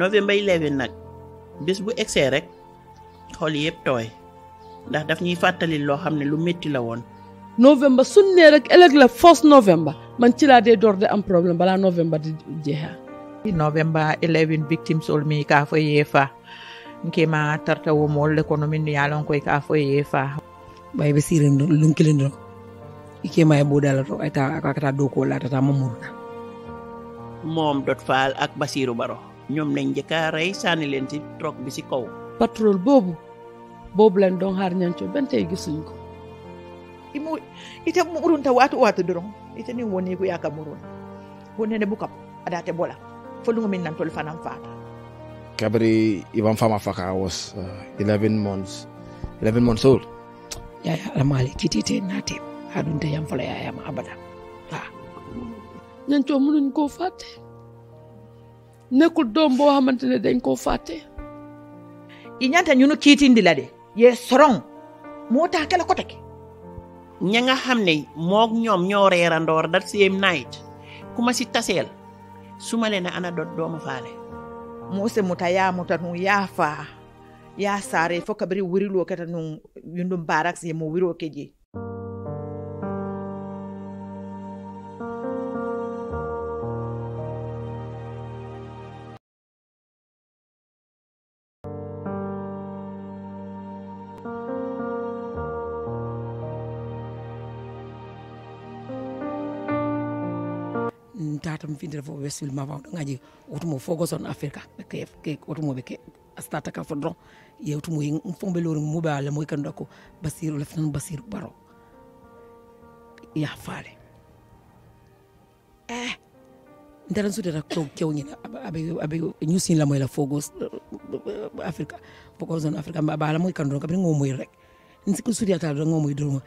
November 11 nag bés bu egsee rek xol yëpp tooy ndax daf ñuy fàttali loo xam ne lu métti la woon. November su nee rek ëllëg la first November man ci laa dee door de am problème balaa November di jeexaa. November 11 victims olmi kaa fo yeefa nkema tarta wo mool le kono min yaalon koy kaa fo yeefa. bay be sirin do lunkilen do ikema e bodala to ay ta akata do ko la tata mamurna. moom Dot Faal ak Basiru Baro. Nyom lañ njëkk a rey sànni leen ci trok bi si kaw patrol Bobu, boobu lañ doon xaar ñanco ben tey gisuñ ko imu ite murunta watu watu doron ite ni woni ku yaka murun wonene ada adate bola folu min nan tol fanam fata kabri ivan fama faka was uh, 11 months 11 months old yaya alamali kitite nate hadunte yam fala ma abada ha ñanco munun ko fatte nekkul doom boo xamante ne dañ koo fàtte i ñanta ñunu kiitindi la de yee sorong moo taa kela ko teg ña nga xam ne moog ñoom ñoo reerandoor that same night ku ma si taseel su ma leen ana dot doomu faale moose muta yaa muta nu yaa faa yaa saare fo kabiri wiriloo keta nu yundum baarax ye mu wiroo ke ɗum findira fof ɓe silma waw ɗo gaji otumo fof go zone afrique ɓe ke otumoɓe ke astata ka fodron yewtumo fomɓe lori muɓe allah moy kanduɗa ko basiru leftan basiru baro yafare eh ndaran sudata ko kewñina aɓe ñusinlamoyla fogo afrique fogo zone afrique aɓa ala moy kanduɗon kaɓe ngomoyr rek siko sudiyata ɗo ngomoy dorma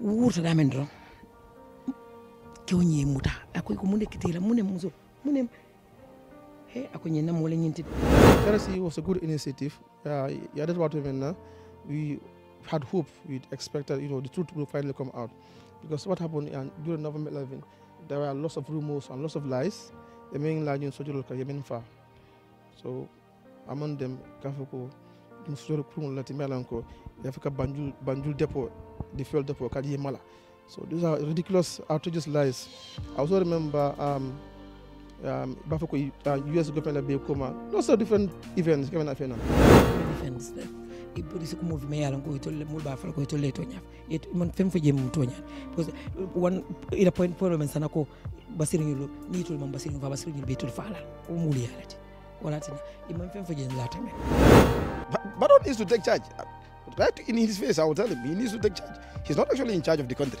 wurtaɗamen doron kyonye muta akoy ko munde kitela mune muzo mune he akoy na mole nyinti Tennessee was a good initiative uh, yeah that's what we now we had hope we expected you know the truth will finally come out because what happened uh, during November 11 there were lots of rumors and lots of lies the main line in social local yemen fa so among them kafako dum sojoro kurun lati melanko ya fika banjul banjul depot the fuel depot kadi mala So these are ridiculous, outrageous lies. I also remember um, um, Bafoko, uh, US government be koma. Lots of different events kama na fena. Events that ipolisi ku move me yalango itole mul ba fala ko itole to nyaf. It man fem fo jem to nyaf. Because uh, one ila point point men sana ko basiru nyulu ni itole man basiru fa basiru nyulu be itole fala. O muli yalati. Wala tani imam fem fo jem lata me. Baron needs to take charge. Right in his face, I will tell him he needs to take charge. He's not actually in charge of the country.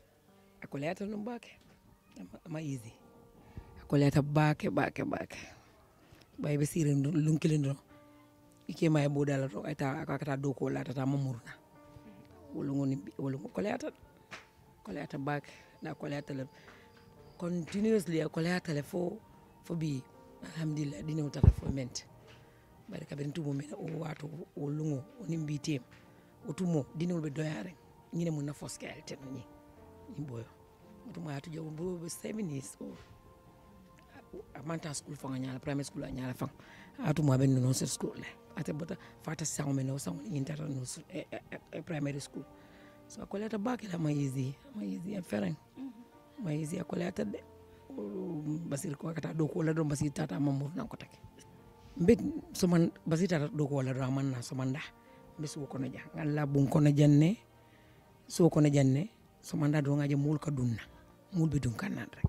akuleta nombake amayizi akuleta bake bake bake bay be sire lunkilindro ike may bodala to eta akata doko la tata mamurna wolu ni wolu koleta koleta bake na koleta le continuously koleta le fo fo bi alhamdulillah dine wutata fo mente bari kabin tumo mena o wato o lungo o nimbi tem dine wol doyare ngine mun na foskel te no ñi imboyo mutu mwaya tuja umbu seven years amanta school fanga nyala primary school nyala fanga atu mwa ben no school le ate bota fata sango meno sango intara no primary school so akoleta baki la maizi maizi ya ferang mm-hmm. maizi akoleta de mm, basir ko kata do ko do basir tata mamur nan ko take mbit soman basir tata do ko do amanna soman da mbe so ko ja ngalla bun ko janne so ko janne so manda dongaji ka dunna mul dun kanan rek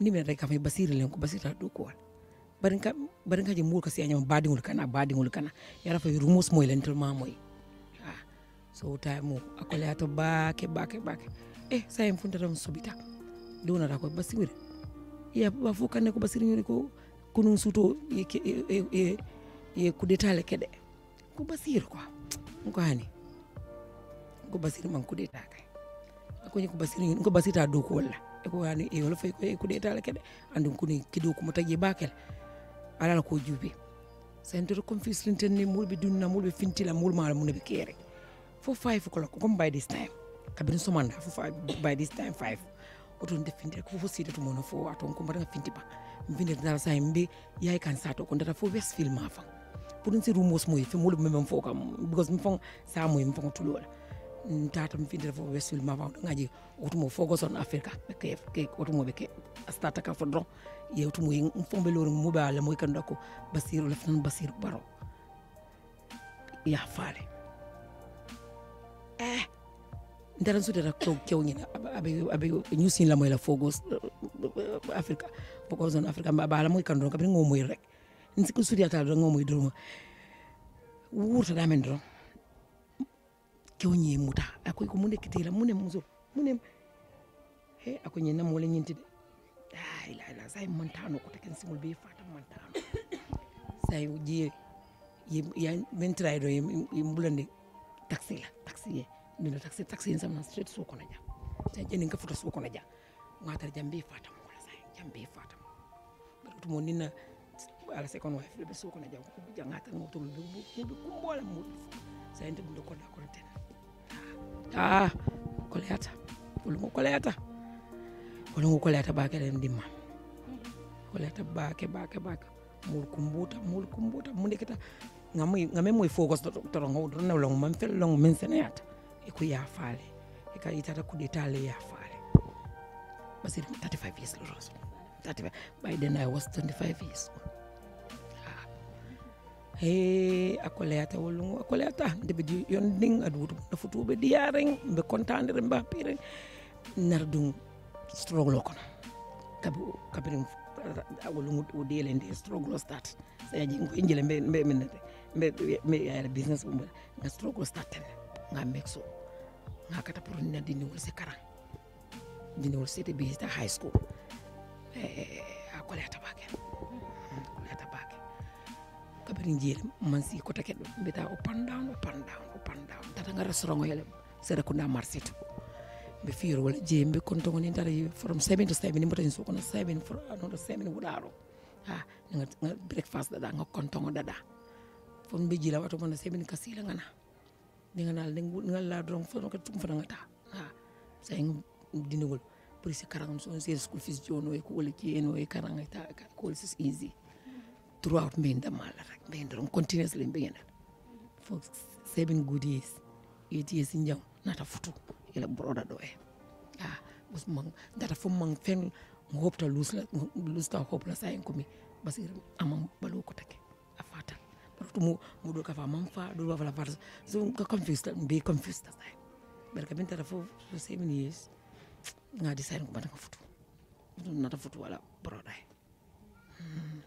ni ndimen rek ka fay kafa len ko do ko wal barin ka barin ka mulka si a ñama badigol kana badigol kana yara fay rumus moy len lentel mamoy a so ta mo akkolea to baake baake baake e eh, funta funtatam subita do na koye basiri ya ba fu kan ko basiri ni ko konum suto e e e kudetale keɗe ko basiri quoi ko hani ko basiri man kudetaka kuni ko basiri ko basita dow ko walla eko hani e wala fayi koye kuɗe etala keɗe andum koni kido komo tagui bakel ala ko juubi sentoro comme fisrinten ni bi dunna bi finti la mulɓe fintila mulmala muneɓe kere fo five o'clock comme by this time kabine somanda fo by this time five oton nde finti ko fo siida to mono fo aton ko mbaɗaga finti ba mbinde dara sa mbi yayi kan sato ko data fo west film ma fan pour ɗum si rumos moyi fe mulɓe memen fo kam because mi fon sa moyi mi fon tulola tatam findira fof weswil ma wawɗo ngaji otumo fof goson affaire ka ke otumoɓe ke astata ka fodron yewtumo fomɓe lori muɓe allah moy kanduɗa eh, ko basiru leftan basiru baro yafare eh ndaran sudata ko kewñina aɓe aɓe ñusinlamoyla fo gos afrique boko zone afrique aɓa ala moy kanduɗon kaɓe ngomoyr rek siko sudiyata ɗo ngomoy dorma wurtatamen doron kewñi muta akoy ko mune kitila mune muso mune he ako ñe nam wala ñintide la ilaha illa say mantano ko taken simul be fata mantano say ji ya mentray do mbulande taxi la taxi ye ndino taxi taxi sam na street so kono ja tay jeni nga foto so kono ja ngatar jambe fata mo la say jambe fata mo barkutu mo nina ala second wife le be so kono ja ko jangatar mo to be kumbola mo sayente bundo ko da ko ten aa ah, koleyata wolungo koleyata wolungo koleyata baake ɗen dimma koleyata baake baake baake mul kumbuta mul kumbuta mu ndeketa ngame moye focus toro howɗo ne longo man fel longo min seneyata ko yafaale e ka yitata kuɗetale yafaale basiri 35 years lo roso 35 by then was 25 years hey akoleyata wollugo akoleyata nde ɓe yon ndin aɗa wuutu nafutuɓe ɗiyaren ɓe contadere mbapiren nara dum strogle o kono kabi kabirin wollugo o ɗiyele nde strogle o stat so yaji koye jile mbeminete mbe yayra business umbe ga stroglo stat tene ga mexo ga kata pour nina dindiwol si karan dindiwol sete ɓeyta high school akoleyata baken Kabarin jeelim man si kota taket ɗum opanda up and down up and tata ngara sorongo yele sere kunda marsit be mbe fiiro wala jeeyi mbe from seven to seven mbo tan sokono seven for anoɗo seven wuɗaro ha nga breakfast dada nga kontong dada fon be jila wato mona seven kasila ngana ni nga nal nga la drong fon ko tum fon nga ta ha say dinewol pour si karangam so on school fees jono e ko wala ci eno e karanga ta ko easy throughout min ɗam allah tan ɓe nder on continuously mbiyeɗen fo seven good years eight years jaw nata futu ila ɓuroɗa ɗo en a ah, usma data fof man fen hopta lusla lusta hopla sa en komi basir aman ɓalo ko take a fatal par to muɗo kafa man fa ɗo wafala fata so ka confuse ta mbi confuse ta sahen ɓeɗa kamin tata seven years gadi sahen ko bataka futu nata futu wala ɓuroɗa hen hmm.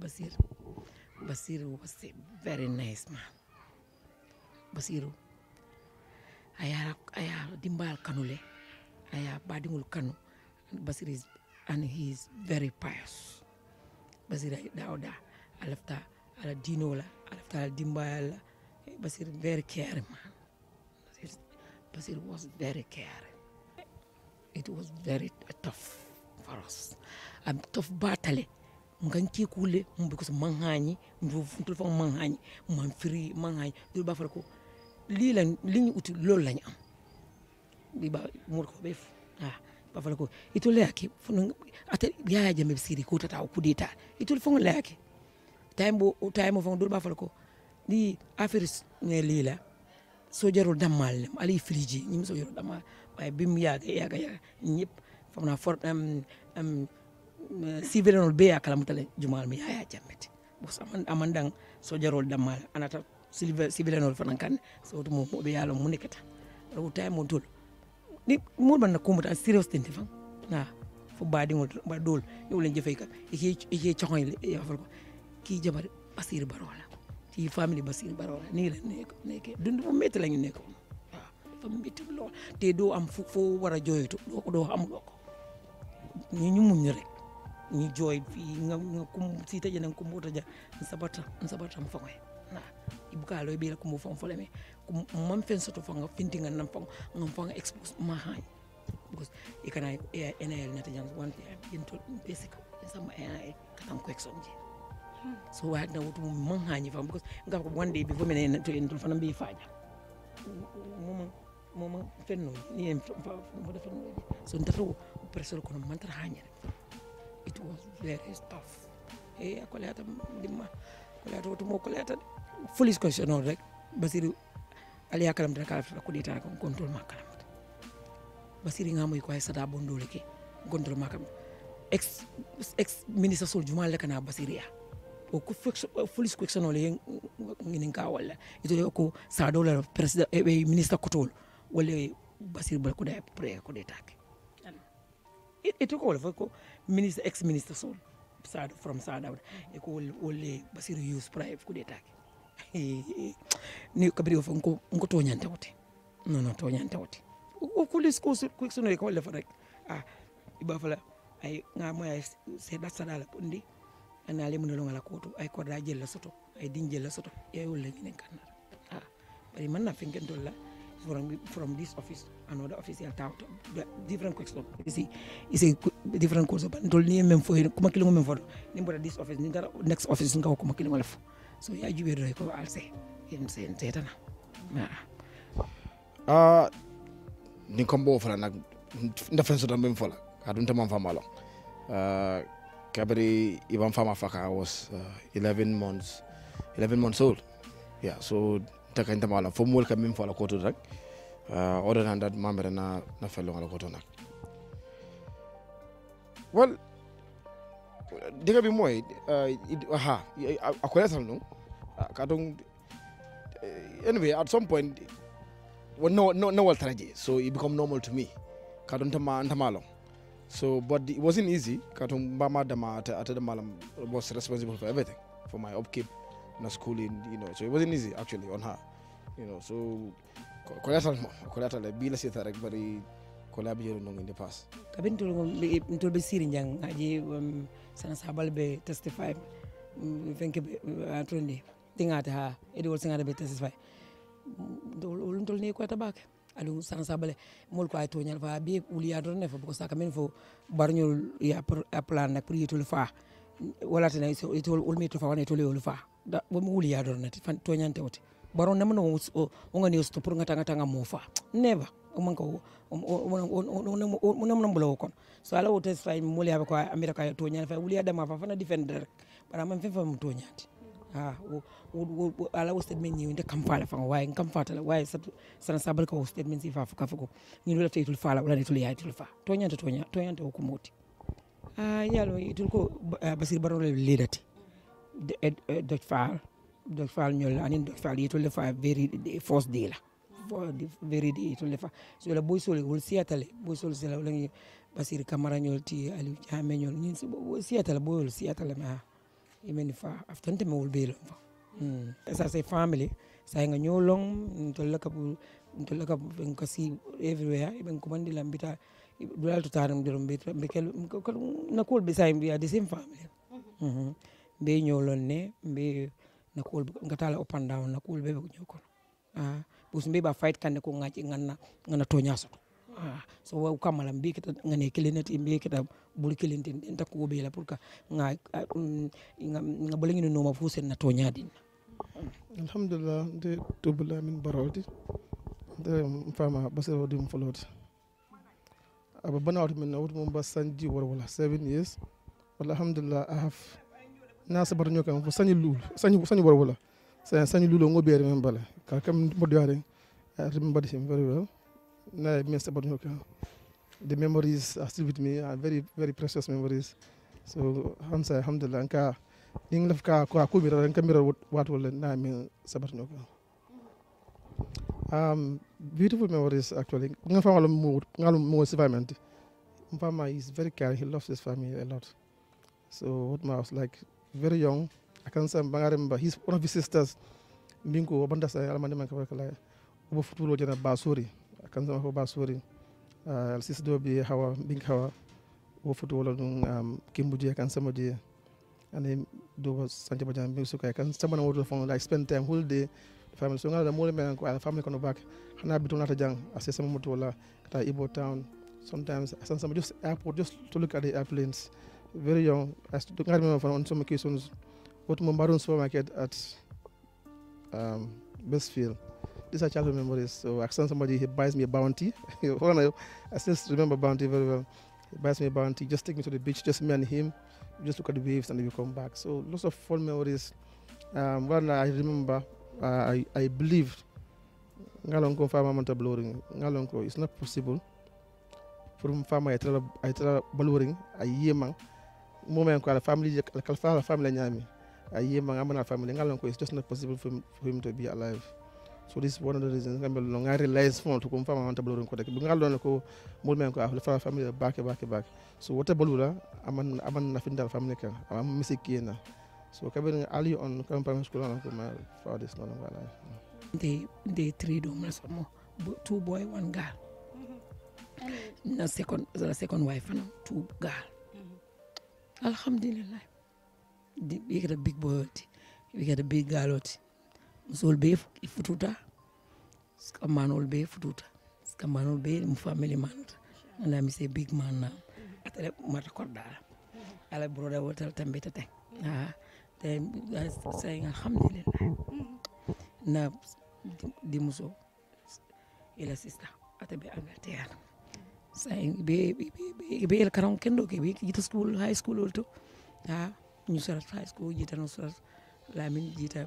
Basir Basir was a very nice man Basir, aya aya dimbal kanule have badingul kanu Basir is and he is very pious Basir left alafta ala dino la alafta ala dimbal Basir very caring man Basir, was very caring it was very tough for us I'm tough battle nganki kule mbe ko manhanyi mbe funtul fa manhanyi man firi manhanyi ba fara ko li la li ñu uti loolu lañu am bi ba mur ko bef ah ba fara ko itol yake funu ata yaya jambe siri ko tata ko deta itol fon la yake time bo time fon dur ba fara ko ni affaire ne li la so jarul damal ali friji ñi so jarul damal way bim yaga yaga yaga ñep na for um, um, sivilenol be ya kalamutale jumal mi yaya jammete bos aman aman dan sojarol dammal anata sivilenol fanan kan so to mo be yalo mu nekata ro tay mo dol ni mo ban kumuta serious tin fan na fo badi ngol ba dol ni wolen jefey ka iki iki chokoy ya fal ko ki jabar basir barola ci famille basir barola ni la nekk dund bu metti lañu nekk fa metti te do am fo wara joyoto do ko do am do ko ñu ñi jooy fii nga nga kum siita jenen kum wuta ja nsabata nsabata mfangoye na ibuka loy bila kum fon foleme kum mam fen soto fanga fintinga nam fang ngam fanga expose ma hañ because e kana e enel neta jans one day in to basic sama e katam ko exom je so wa na wutu man hañi fam because ngam ko one day bi fo menen to en to fanam bi faña moma moma fenno ni en fa fa fa so ndata ko presol kono mantra hañi rek it was very tough e eh, a koleyata dimma koleyata wotumo koleyata folis question on rek basiri aliya kalamtata kalaftata kuɗetana kam contrôle ma kalamata basiri ke contrôle ma kam ex ex ministre sol jumal le kana basiriya o ko folis question ole nginin ka walla ito ko sadola président e eh, eh, ministre kotol walla basiri bal kuɗa pre kuɗetake it, it took all ko minister ex minister Sol sad from Saadaud eko wolle Basiru Yus Praif kudetake ni kabiri ofo nko nko tonyante wote no no tonyante wote ukuli school quick sunu ko lefa rek ah ibafala ay nga moy ay se dat sadala pundi ana le mun lo ngala koto ay ko da jella soto ay din jella soto yeewul la ngene kanna ah bari man na fi ngeen from from this office another office ya taw different quick stop you see you see different course but ndol ni même fo kuma kilo même fo ni mbora this office ni dara next office nga kuma kilo lef so ya jube do ko alse yem sen tetana ah ni kombo fala nak nda ndafen so dambem fala adun tamam famalo euh ah, kabri iban fama faka was 11 ah, months 11 months old yeah so takantama wala fo moolu ka miŋ fo a la koto rek uh, wo mamere na na felloŋ la koto nak wal diga bi mooy uh, aha a kola sam nuŋ kaatuŋ uh, anyway at some point no, no, no wal so it become normal to me kaatuŋ ntama tama loŋ so but it wasn't easy kaatuŋ mbama dama ata dama lam was responsible for everything for my upkeep na schooling, you know. So it wasn't easy actually on her, you know. So collateral, collateral, bila si tarik bari collab yero nong in the past. Kabin tul tul be siri jang aji um, sana sabal be testify, mm, fenke be uh, atundi tinga ta edu wol singa be testify. Ulun tul ni ko tabak. alu san sabale mol ko ay toñal fa be wuli ya don ne fa ko saka men fo barñol ya plan nak pour yitul fa wala tan so ulmi to fa wala itul fa da bo wuli ya dor nati fan to nyante wote baron namna o ngani o stopur ngata ngata mofa neba o man ko o unamna mbula kon so ala wote sai muli ya ko amira ka to nyante fa wuli ya dama fa fana defender bara man fefa mu to nyante ha ala wote men ni nde kam fa la fa way ngam fa ta la way sa sana sabal ko wote men si fa fa ko ni wala lo fa la wala ni tul ya tul fa to nyante to nyante to nyante ko moti ah yalo itul ko basir baron le ledati the, uh, Dutch Fall, Dutch Fall nyol ani Dutch Fall yeto le fa very the first day la for the very day yeto fa so la boy sol wol siatale boy sol sela wol ngi basir kamara nyol ti ali jame nyol nyin so boy siatale boy wol siatale ma imen fa aftan te me wol be lo fa family say nga nyolong to la kapu to la kapu ben kasi everywhere ben komandi lambita dulal to taram dulal mbikel nakol besay mbi the same family mm -hmm be ñolon ne be nakul ngatala open down nakul be ñoko ah bus be ba fight kan ko ngaji nganna ngana to nyaso ah so wa kamala mbi kita ngane kilinati mbi kita bul kilintin en takko be la pour ka nga ah, um, nga bolengi no ma fusen na to nyaadin alhamdulillah de tubula min barodi de fama basiro dim folot aba banawt min nawt mum basanji war wala 7 years alhamdulillah i have nasabato ñokam fo sañi lulu, sañi sañi sañi lulu ngo beere men bala ka very well the memories are still with me are very very precious memories so hamsa alhamdulillah ka ning laf ka ko ko mi ran kamira wat wala na I sabato ñokam um beautiful memories actually My fa is very caring. He loves his family a lot. So what I was like veryon akan sam bangare mba his one of his sisters mbinko wabanda sa almande man kaba kala obo futulo jana basuri akan sam ko basuri uh, al sis um, do bi hawa mbink hawa o futulo dum um, kimbudi akan sam di ane do sanje ba jambe su kan sama na wodo fon like spend time whole day family so ngala mo le men ko family kono back hana bitu nata jang ase sama mutu wala kata ibo town sometimes asan just airport just to look at the airplanes very young. I, still, I can't remember on some occasions, but to Mombaron supermarket at um, Bestfield. These are childhood memories. So I send somebody, he buys me a bounty. I still remember bounty very well. He buys me a bounty, just take me to the beach, just me and him. We just look at the waves and then we come back. So lots of fun memories. Um, one I remember, uh, I, I believed Ngalonko farmer manta blowing. Ngalonko, it's not possible. From farmer, I tell I tell blowing a year man. mumen ko ala family alkalfa ala family ñaami a yima ngam na family ngal ko it's just not possible for him, for him to be alive so this is one of the reasons ngam lo ngari lies fon to kum fama wanta bolon ko dak bi ngal don ko mumen ko ala family baake baake baake so wata bolula aman aman na findal family kan am misikina so kabin ali on kam pam school on ko ma for this no they they three do masamo two boy one girl na second the second wife and two girl alhamdulillah we get a big boy we get a big girl musol be fututa ska manol be fututa ska manol be mu family manuta and I'm say big man now atare mata kordara ala broda wotal tambe tete ah then saying alhamdulillah na di muso ila sister atabe angateana ɓe ɓe elka tan kenɗo ke ɓe jita school high school ol to ha ñu sorat high school jita noon sorat lamin jita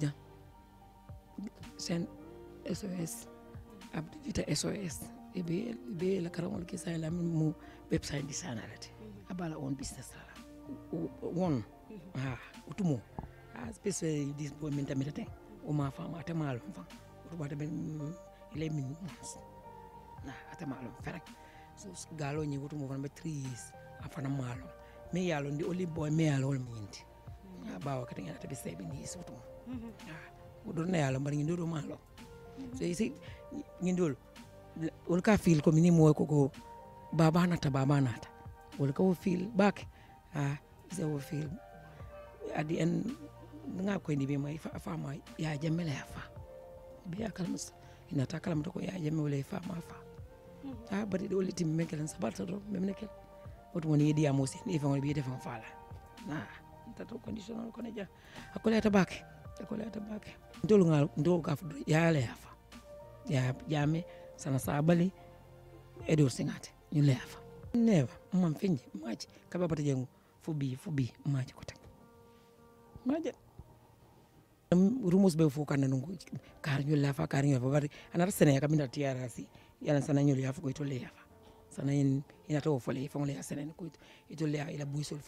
jan sen sos abde jita sos ɓe ɓe elka tan ol ke sa lamin mo website ndi sanarate a bala on business ala won mm-hmm. ha o tumo ha spécial dis min tamita ten o ma fam a temalo fam oto wata ɓen mm, ilay min mons ate malo ferek galo nyingi kuti muvona ba three afana mwalo me yalo ndi only boy me yalo oli myindi mm. abawa ah, katengena tabi seven years kuti udorna mm-hmm. ah, yalo mbali ngindi uli mwalo mm-hmm. so you see ngindi ulu uli ka feel komini ko koko baba anata baba anata uli ka fil back ah ze wo feel at the end nga kwendi bima ifa ya jamela yafa biya kalmus inataka lamtoko ya jamela ifa mafa ha bari ɗe olli timmi men kelen sabarta ɗon mimne kel woto woni yeeɗiyamo sen fala fewone ɓe defan faala a tato condition on kono ja hakkole yata bake hakkole yata bake dolgal dolga fo yaala yafa ya jame sana sabali e dow singate ñulle yafa newa mam feñje maaje kaɓe bata jeengo fo bi fo bi maaje ko tag maaje rumus ɓe fof kanna ɗum kaari ñulle yafa kaari ñulle yafa bari anata yala sana nyoli sana in fole sana ila buisol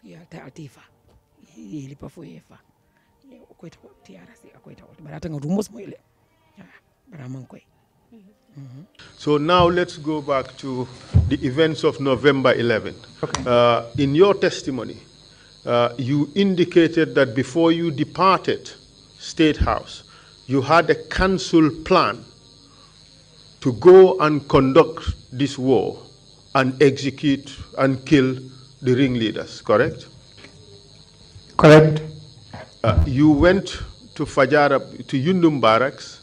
ili tiara si barata mo ile mm-hmm. So now let's go back to the events of November 11. Okay. Uh, in your testimony, uh, you indicated that before you departed State House, you had a council plan to go and conduct this war and execute and kill the ringleaders, correct? Correct. Uh, you went to Fajara to Yundum barracks.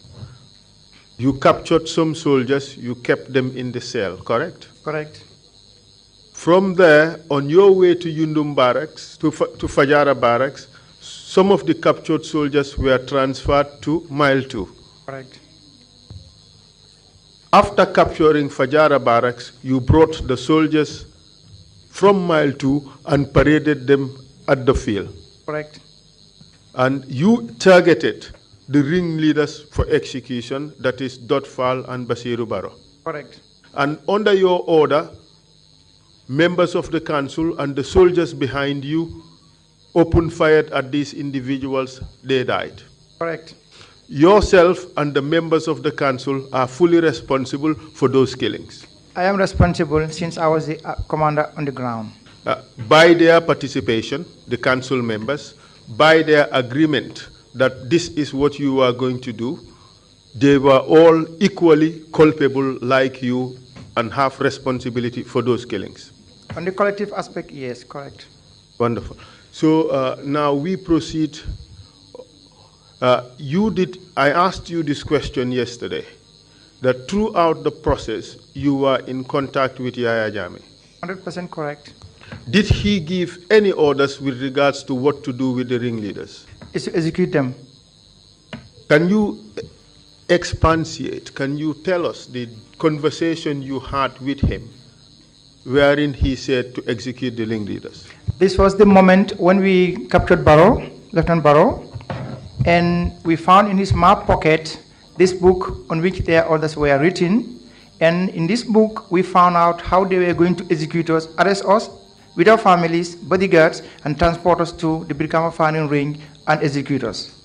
You captured some soldiers, you kept them in the cell, correct? Correct. From there, on your way to Yundum barracks, to, to Fajara barracks, some of the captured soldiers were transferred to Mile 2. Correct. After capturing Fajara barracks, you brought the soldiers from mile two and paraded them at the field. Correct. And you targeted the ringleaders for execution, that is Dotfal and Basiru Baro. Correct. And under your order, members of the council and the soldiers behind you opened fire at these individuals. They died. Correct. Yourself and the members of the council are fully responsible for those killings. I am responsible since I was the uh, commander on the ground. Uh, by their participation, the council members, by their agreement that this is what you are going to do, they were all equally culpable like you and have responsibility for those killings. On the collective aspect, yes, correct. Wonderful. So uh, now we proceed uh, you did, I asked you this question yesterday, that throughout the process, you were in contact with Yahya Jami. 100% correct. Did he give any orders with regards to what to do with the ringleaders? Is to execute them. Can you expatiate? Can you tell us the conversation you had with him wherein he said to execute the ringleaders? This was the moment when we captured Barrow, Lieutenant Barrow, and we found in his map pocket this book on which their orders were written. And in this book, we found out how they were going to execute us, arrest us with our families, bodyguards, and transport us to the Brikama firing ring and execute us.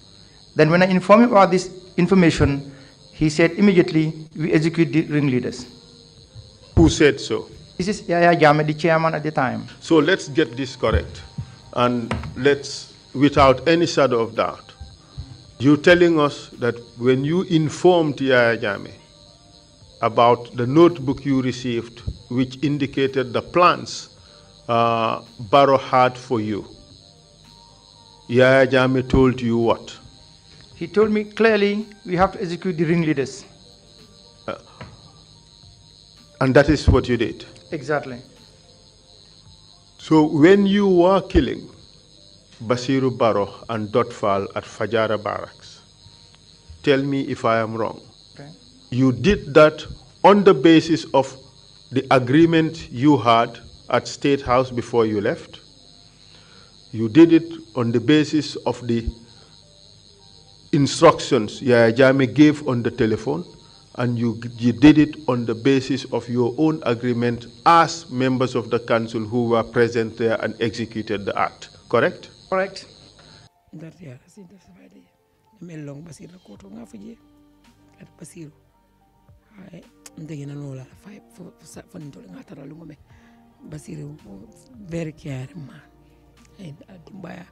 Then, when I informed him about this information, he said immediately, We execute the ringleaders. Who said so? This is Yaya Jame, the chairman at the time. So let's get this correct. And let's, without any shadow of doubt, you telling us that when you informed Yaya Jame about the notebook you received, which indicated the plans uh, Barrow had for you, Yaya Jame told you what? He told me clearly we have to execute the ringleaders. Uh, and that is what you did? Exactly. So when you were killing, Basiru Baro and Dotfal at Fajara Barracks. Tell me if I am wrong. Okay. You did that on the basis of the agreement you had at State House before you left. You did it on the basis of the instructions Yaya Jame gave on the telephone, and you, you did it on the basis of your own agreement as members of the council who were present there and executed the act, correct? correct darti ha sida sabaade ɗum ellon basirla koto ga fo jee kat basiru ha deginanola fay fonnitole ga taralugo men basiru very carema e a dimbaya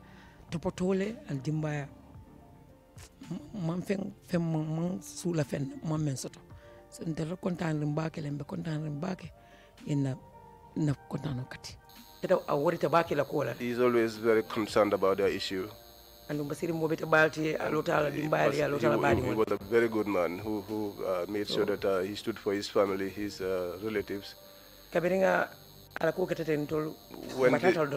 topotole a dimbaya man fen fen man suula fen man men soto so nderta contane rin mbake len mbe contane rin mbake yenna na contane o kati He's always very concerned about their issue. And he, he, he, was a very good man who, who uh, made sure oh. that uh, he stood for his family, his uh, relatives. When, the,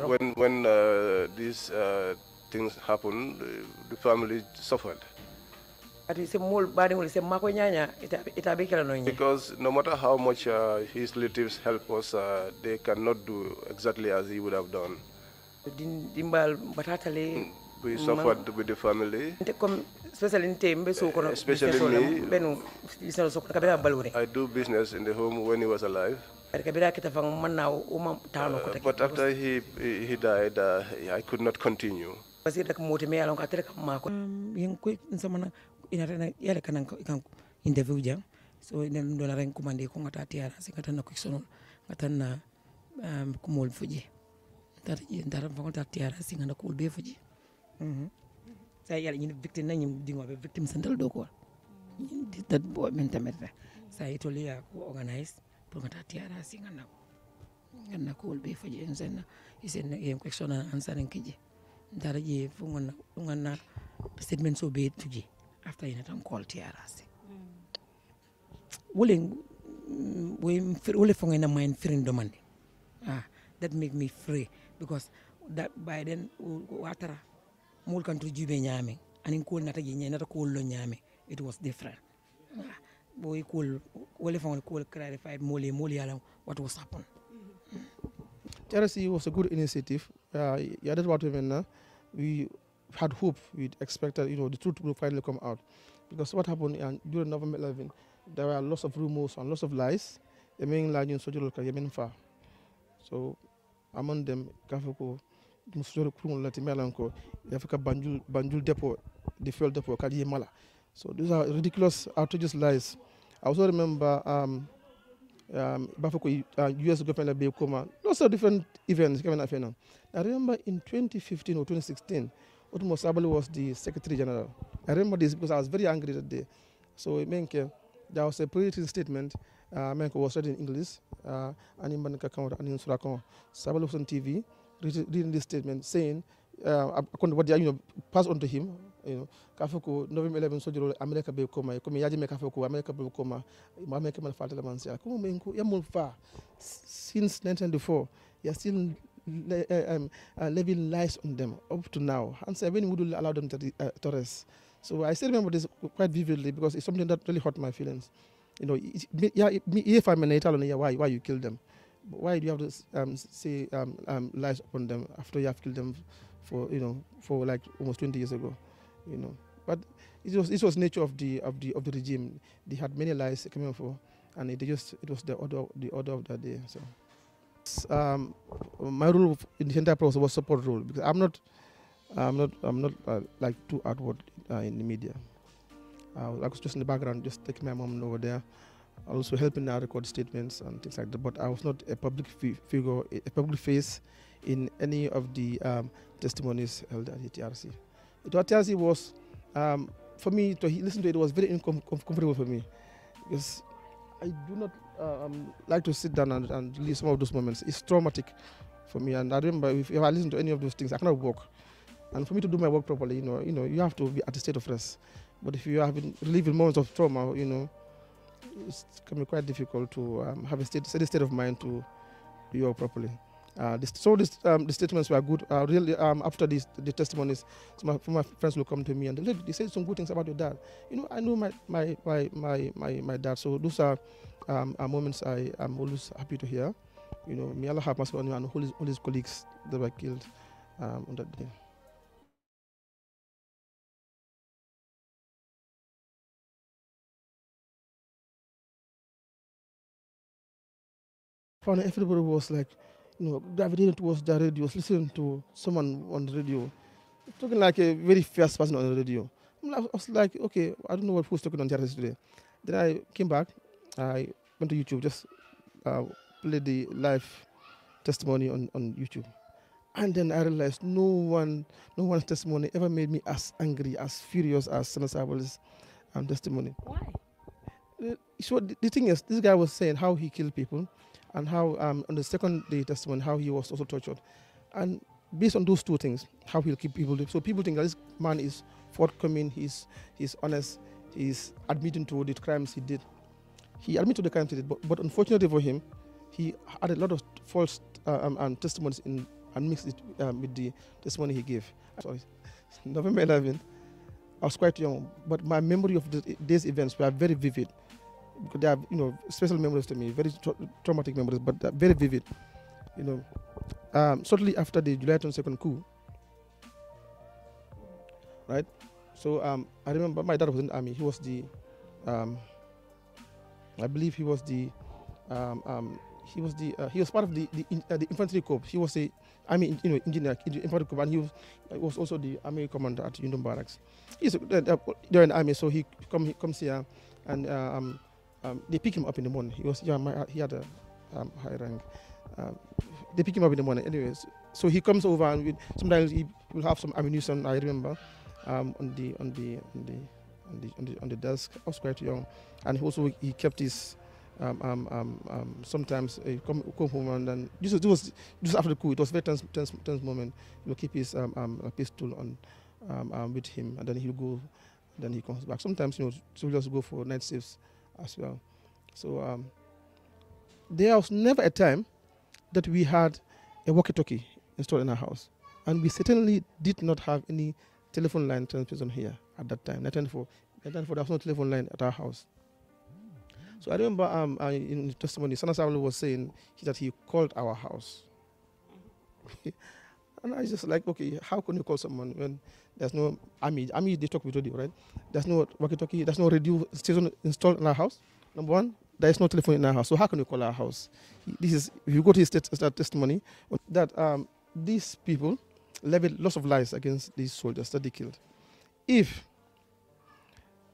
when, when uh, these uh, things happened, the family suffered. Because no matter how much uh, his relatives help us, uh, they cannot do exactly as he would have done. Mm, we suffered with the family. Especially me. I do business in the home when he was alive. Uh, but after he, he died, uh, I could not continue. Um, yala kanan kan interview jang so nen dona ren commandé ko ngata tiara se ngata na ko sonon ngata na um, ko mol fuji tata ji ndara fa ngata tiara se ngana ko be fuji mhm sa yala ñin victime nañu dingo be victime sandal do ko ñin di tat bo men tamet sa itoli ya ko organize pour ngata tiara se ngana ngana ko be fuji en sen isen yem ko sonon ansaren kiji ndara ji fu ngana ngana statement so be fuji after ina tan call TRC wole mm, wole fonga ina main firin domande ah that make me free because that by then watara mul kan tu jube nyame anin ko nata je nyata ko lo nyame it was different ah boy ko wole fonga ko clarify mole mole yala what was happen mm. TRC was a good initiative uh, yeah that's what we mean now we had hope. We expected, you know, the truth will finally come out. Because what happened during November 11, there were lots of rumors and lots of lies. So among them, Kafuko, Musoro Kurun Latimelanko, Africa Banjul, Banjul Depot, the fuel depot, Kadi So these are ridiculous, outrageous lies. I also remember um, um, Bafuko, uh, US government, beokoma lots of different events. I remember in 2015 or 2016, Utmo Sabalu was the Secretary General. I remember this because I was very angry that day. So Menke, there was a pre-written statement uh, Menke was reading in English uh, and in Banaka and in Surakon. Sabalu was on TV reading this statement saying, uh, according to what they you know, passed on to him, you know, kafuku November 11 sojolo America be coma, kome yaji me kafuku America be koma, America man fatela man sia. Kumu menku ya mulfa since 1994, you are still Eh, um, uh, levying lies on them up to now. And Seven allow them to, uh, to rest. So I still remember this quite vividly because it's something that really hurt my feelings. You know, it, yeah, it, if I'm an Italian, why, why you kill them? But why do you have to um, say um, um, lies upon them after you have killed them for you know for like almost 20 years ago, you know? But it was it was nature of the of the of the regime. They had many lies coming for, and it just it was the order the order of that day. So. Um, my role in the entire process was support role because I'm not, I'm not, I'm not uh, like too outward uh, in the media. Uh, I was just in the background, just taking my mom over there, also helping her record statements and things like that. But I was not a public fi figure, a public face in any of the um, testimonies held at the TRC. The TRC was, um, for me to listen to it was very uncomfortable for me because I do not uh, um, like to sit down and, and some of those moments. It's traumatic for me, and I remember if, if I listen to any of those things, I cannot work. And for me to do my work properly, you know, you know, you have to be at a state of rest. But if you have been living moments of trauma, you know, it can be quite difficult to um, have a state, steady state of mind to do your work properly. Uh, this, so this, um, the statements were good. Uh, really, um, after this, the testimonies, some my, my, friends will come to me and they, said some good things about your dad. You know, I know my my my my my, my dad. So those are, um, are moments I am always happy to hear. You know, may Allah have mercy on you and all his, all his colleagues that were killed um, on that day. Finally, everybody was like, you know, gravitating towards the radio, listening to someone on the radio, talking like a very fierce person on the radio. I was like, okay, I don't know what who's talking on the radio today. Then I came back, I went to YouTube, just uh, played the live testimony on, on YouTube. And then I realized no one, no one's testimony ever made me as angry, as furious as Senator um, testimony. Why? Uh, so the thing is, this guy was saying how he killed people, and how um, on the second day testimony how he was also tortured, and based on those two things, how he'll keep people. So people think that this man is forthcoming, he's he's honest, he's admitting to the crimes he did. He admitted to the crimes he did, but, but unfortunately for him, he had a lot of false uh, um, um, testimonies in, and mixed it um, with the testimony he gave. Sorry, November 11. I was quite young, but my memory of the, these events were very vivid because they have, you know special memories to me, very tra traumatic memories, but uh, very vivid. You know, um, shortly after the July 22nd coup, right? So um, I remember my dad was in the army. He was the, um, I believe he was the, um, um, he was the uh, he was part of the the, in, uh, the infantry corps. He was a, I mean, you know engineer infantry corps, and he was, uh, was also the army commander at Union Barracks. He's uh, during uh, the army, so he come he comes here and uh, um, um, they pick him up in the morning. He was yeah, my, he had a um, high rank. Um, they pick him up in the morning. Anyways, so he comes over and we, sometimes he will have some ammunition. I remember um, on the on the on the on the on the, on the desk. I was quite young, and also he kept his. Um, um, sometimes he come, come home and then this was, this was just after the coup. It was very tense, tense, tense moment. He would keep his pistol on with him, and then he'll go. Then he comes back. Sometimes you know, so we just go for night shifts as well. So um, there was never a time that we had a walkie-talkie installed in our house, and we certainly did not have any telephone line transmission here at that time. 1994, 1994 there was no telephone line at our house. So I remember um, I, in testimony, Sana was saying that he called our house. and I just like, okay, how can you call someone when there's no army. Army, they talk with radio, right? There's no walkie-talkie. There's no radio station installed in our house. Number one, there is no telephone in our house. So how can we call our house? This is, if you go to his uh, testimony, that um, these people levied lots of lies against these soldiers that they killed. If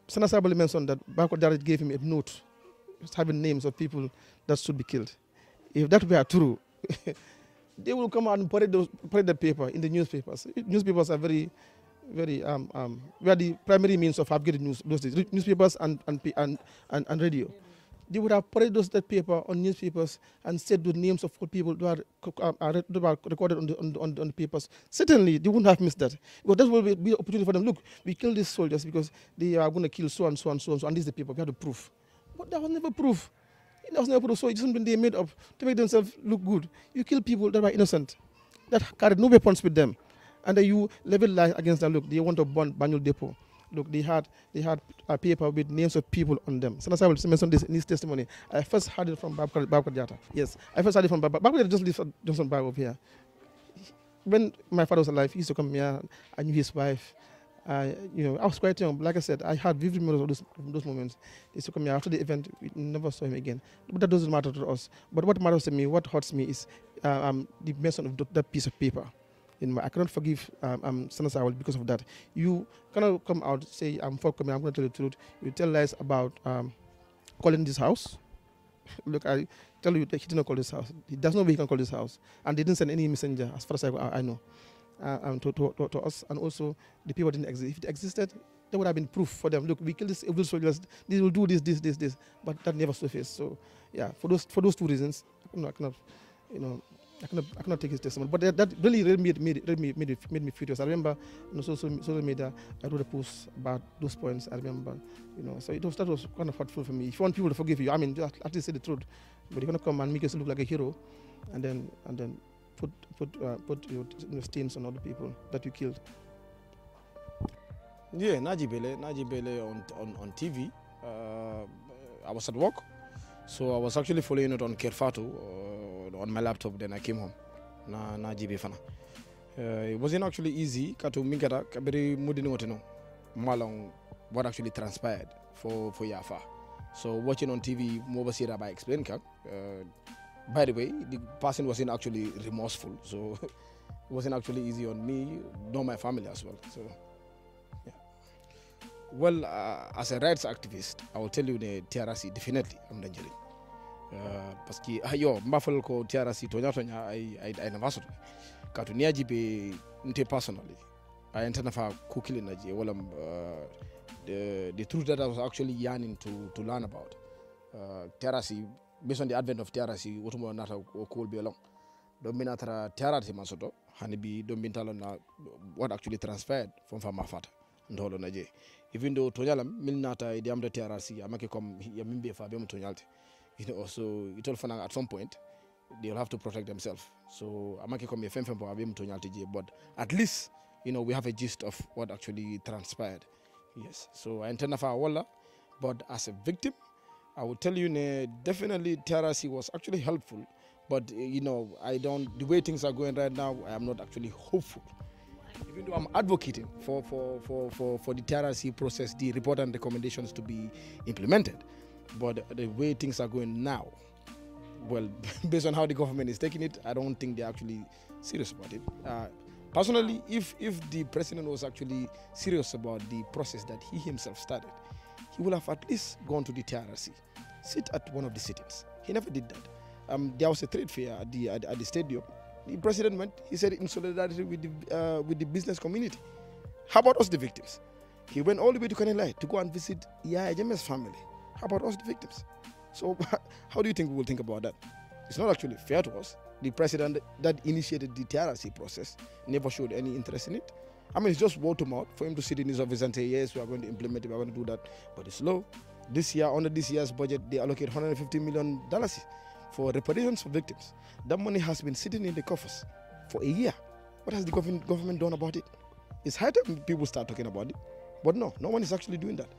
Senator Sabali mentioned that Bako Darit gave him a note having names of people that should be killed, if that were true, they will come out and parade, those, parade paper in the newspapers. Newspapers are very very um, um, were the primary means of upgrading news those days, newspapers and and, and, and, and radio. They would have put those that paper on newspapers and said the names of people who are, um, who are recorded on the, on, on, on the papers. Certainly, they wouldn't have missed that. But that will be, be opportunity for them. Look, we killed these soldiers because they are going to kill so and so and so and so, and this is the paper. We have the proof. But that was never proof. That was never proof. So it's something they made up to make themselves look good. You kill people that were innocent, that carried no weapons with them. And then you level lies against them. Look, they want to burn Banyul Depot. Look, they had they had a paper with names of people on them. Senator will mention this in his testimony. I first heard it from Babka Diata. Yes, I first heard it from Babka. Babka just lives Johnson Bag over here. When my father was alive, he used to come here. I knew his wife. I, you know, I was quite young. But like I said, I had vivid memories of those, those moments. He used to come here after the event. We never saw him again. But that doesn't matter to us. But what matters to me, what hurts me, is uh, um, the mention of that piece of paper in my, I cannot forgive um, um, because of that. You cannot come out say I'm for coming. I'm going to tell the truth. You tell lies about um, calling this house. Look, I tell you that he did not call this house. does not way he can call this house, and they didn't send any messenger as far as I, I know. Uh, um, to, to, to, to, us, and also the people didn't exist. If it existed, there would have been proof for them. Look, we killed these evil soldiers. They will do this, this, this, this. But that never surfaced. So, yeah, for those for those two reasons, I I cannot you know, I cannot, I cannot take his testimony. But that, that really, really made, made, really made, me made me furious. I remember you know, social, social media, I wrote a post about those points. I remember, you know, so it was, that was kind of hurtful for me. If you want people to forgive you, I mean, just at least say the truth. But you're going to come and make yourself look like a hero and then, and then put, put, uh, put your stains on other people that you killed. Yeah, Najibele, Najibele on, on, on TV. Uh, I was at work So I was actually following it on Kerfatu uh, on my laptop. Then I came home na na GB fana. Uh, it wasn't actually easy. Katu minkata kabiri mudini wote no malong what actually transpired for for Yafa. So watching on TV, mo basira by explain ka. Uh, by the way, the person wasn't actually remorseful, so it wasn't actually easy on me, nor my family as well. So. Well, uh, as a rights activist, I will tell you the TRC definitely am na njëriñ uh, parce que ayo ah, mbafal ko TRC toña toña ay ay ay navasoto katu ni ajibe nte personally I intend fa kukili na je wala uh, the, the truth that I was actually yearning to, to learn about uh, TRC based on the advent of TRC wotumo nata o cool be long don minatara TRC masoto hanibi don bintalo na what actually transferred from Famafata ndolo na je even though tonyalam nata ide amda trrc amake comme ya mimbe fa be mo tonyalte you know so all fana at some point they will have to protect themselves so amake comme fm fm ba be mo tonyalte je but at least you know we have a gist of what actually transpired yes so i intend fa wala but as a victim i will tell you ne definitely trrc was actually helpful but you know i don't the way things are going right now i am not actually hopeful Even though I'm advocating for, for, for, for, for the TRC process, the report and recommendations to be implemented. But the way things are going now, well, based on how the government is taking it, I don't think they're actually serious about it. Uh, personally, if, if the president was actually serious about the process that he himself started, he would have at least gone to the TRC, sit at one of the sittings. He never did that. Um, there was a trade fair at the, at, at the stadium the president went, he said, in solidarity with the, uh, with the business community. How about us, the victims? He went all the way to Kanilai to go and visit Yaya family. How about us, the victims? So how do you think we will think about that? It's not actually fair to us. The president that initiated the TRC process never showed any interest in it. I mean, it's just word to mouth for him to sit in his office and say, yes, we are going to implement it, we are going to do that. But it's low. This year, under this year's budget, they allocate $150 million for reparations for victims. That money has been sitting in the coffers for a year. What has the government, government done about it? It's high time people start talking about it. But no, no one is actually doing that.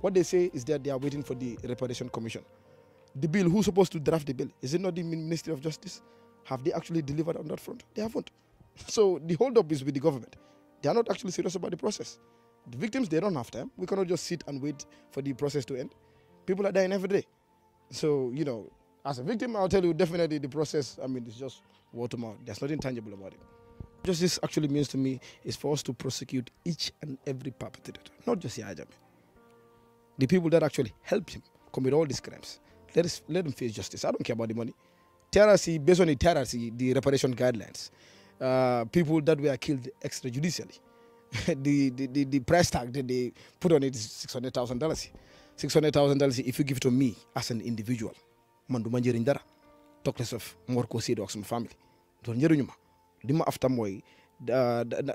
What they say is that they are waiting for the Reparation Commission. The bill, who's supposed to draft the bill? Is it not the Ministry of Justice? Have they actually delivered on that front? They haven't. So the holdup is with the government. They are not actually serious about the process. The victims, they don't have time. We cannot just sit and wait for the process to end. People are dying every day. So, you know, as a victim, I'll tell you definitely the process, I mean, it's just word to mouth. There's nothing tangible about it. Justice actually means to me is for us to prosecute each and every perpetrator, not just Yajame. The people that actually helped him commit all these crimes, let, us, let them face justice. I don't care about the money. Terrorism, based on the terrorism, the reparation guidelines, uh, people that were killed extrajudicially, the, the, the, the price tag that they put on it is $600,000. $600,000 if you give it to me as an individual. man duma ma dara tok te sof mo war ko séedoo ak sama family doon lima afta moy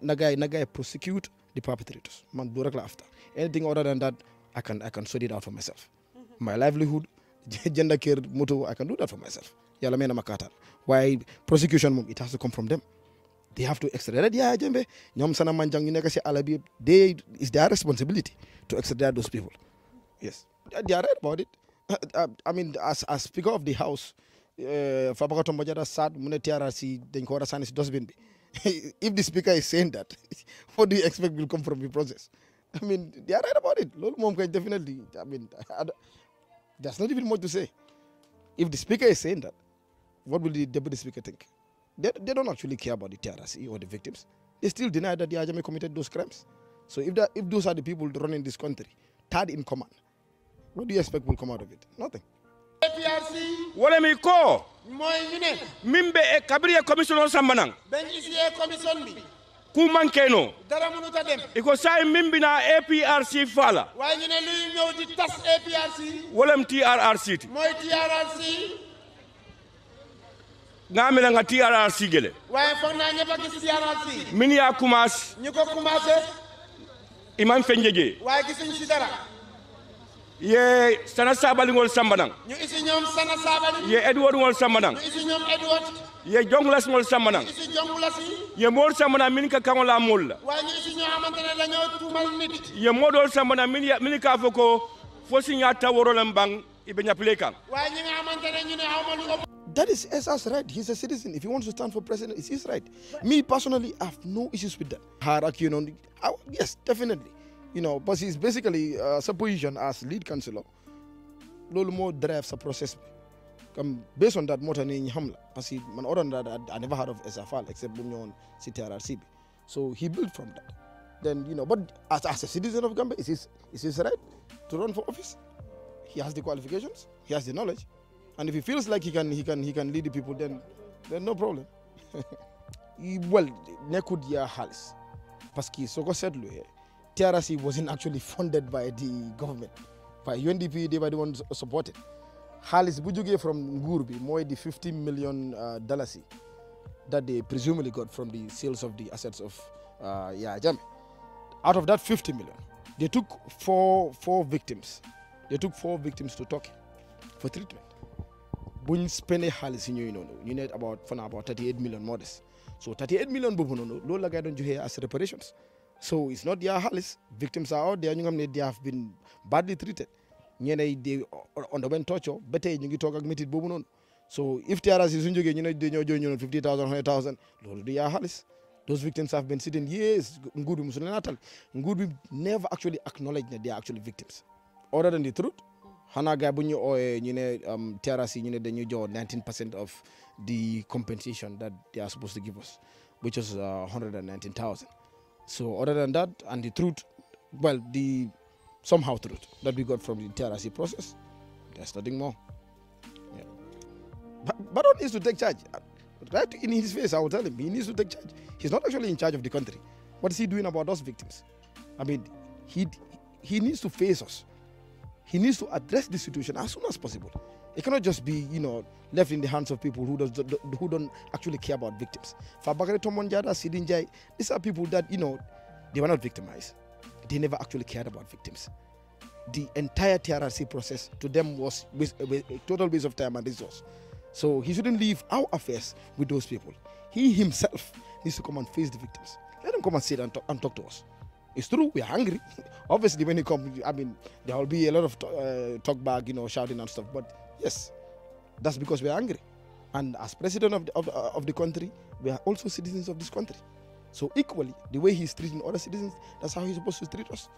na gay na gay prosecute the perpetrators man du rek la afta anything other than that I can I can sort it out for myself mm-hmm. my livelihood jenda kër moto I can do that for myself yalla mena makata why prosecution mom it has to come from them they have to extradite Ya jembe, ñom sana manjang ñu nek ci àll they is their responsibility to extradite those people yes they are right about it I, uh, uh, I mean as as speaker of the house uh, Fabakato Mbajada said TRRC a sànni si if the speaker is saying that what do you expect will come from the process I mean they are right about it Lord moom definitely I mean there's not even more to say if the speaker is saying that what will the deputy speaker think they, they don't actually care about the TRRC or the victims they still deny that the army committed those crimes so if that if those are the people running this country third in command What do you expect will come out of it? Nothing. APRC. Wala mi ko. Moy ñu ne. Mimbe e kabriya commission e on sambanan. Ben isi e commission bi. dara munu ta dem iko say mimbi na APRC fala way ñu ne luy di tas APRC walam TRRC ti TRRC ngami la nga TRRC gele way fo na ñepp ak TRRC Mini ya kumas ñuko e. iman imam fenjeje way gisuñ ci dara ye sana Sabali sabalingol sambanang ñu isi ñoom sana sabali ye edward ngol sambanang ñu isi ñoom edward ye jonglas ngol sambanang isi jonglas ye mor sambana min ka kango mol la way ñu isi ñoo xamantene dañoo tuumal nit ye modol sambana min ya min ka foko fosi ñaa taworo lam bang ibe ñapule kan way ñi nga xamantene ñu ne awmalu That is Esau's right. He's a citizen. If he wants to stand for president, it's his right. Me personally, I have no issues with that. Hierarchy, you know, I, yes, definitely you know but he's basically a uh, position as lead councillor loolu more drives a process bi based on that more than ni hamla, because man other than that I never heard of Essa except bu mu ñëwoon si TRRC so he built from that then you know but as as a citizen of Gambia is his is his right to run for office he has the qualifications he has the knowledge and if he feels like he can he can he can lead the people then then no problem well nekkut yaa xaalis parce que soo ko TRC wasn't actually funded by the government. By UNDP, they were the ones supported. Halis Bujuge from Ngurbi, more the 50 million uh, dollars that they presumably got from the sales of the assets of uh, Yajame. Out of that 50 million, they took four, four victims. They took four victims to Turkey for treatment. buñ spendé xaalis si you know you need about fana about 38 million moo so 38 million boobu no, No la ngay doon joxee as reparations so it's not their halis victims are out there ñu nga xam ne they have been badly treated ñeneen they underwent torture ba tey ñu ngi toog ak métit boobu noon so if TRRC suñ jógee ñu ne dañoo jooy loolu du yaa xaalis those victims have been sitting years nguur bi mosu leen atal nguur bi never actually acknowledge ne they are actually victims other than the truth xanaa gars bu ñu ooyee ñu ne um, TRRC ñu ne dañu jox nineteen percent of the compensation that they are supposed to give us which is uh, hundred So other than that, and the truth, well, the somehow truth that we got from the TRC process, they're studying more. Yeah. But Baron needs to take charge. Right in his face, I will tell him, he needs to take charge. He's not actually in charge of the country. What is he doing about those victims? I mean, he, he needs to face us. He needs to address the situation as soon as possible. It cannot just be, you know, left in the hands of people who, does, who don't actually care about victims. Tomonjada, these are people that, you know, they were not victimized. They never actually cared about victims. The entire TRRC process to them was a total waste of time and resource. So he shouldn't leave our affairs with those people. He himself needs to come and face the victims. Let him come and sit and talk, and talk to us. It's true, we are angry. Obviously, when you come, I mean, there will be a lot of uh, talk back, you know, shouting and stuff. But yes, that's because we are angry. And as president of the, of, uh, of the country, we are also citizens of this country. So equally, the way he's treating other citizens, that's how he's supposed to treat us.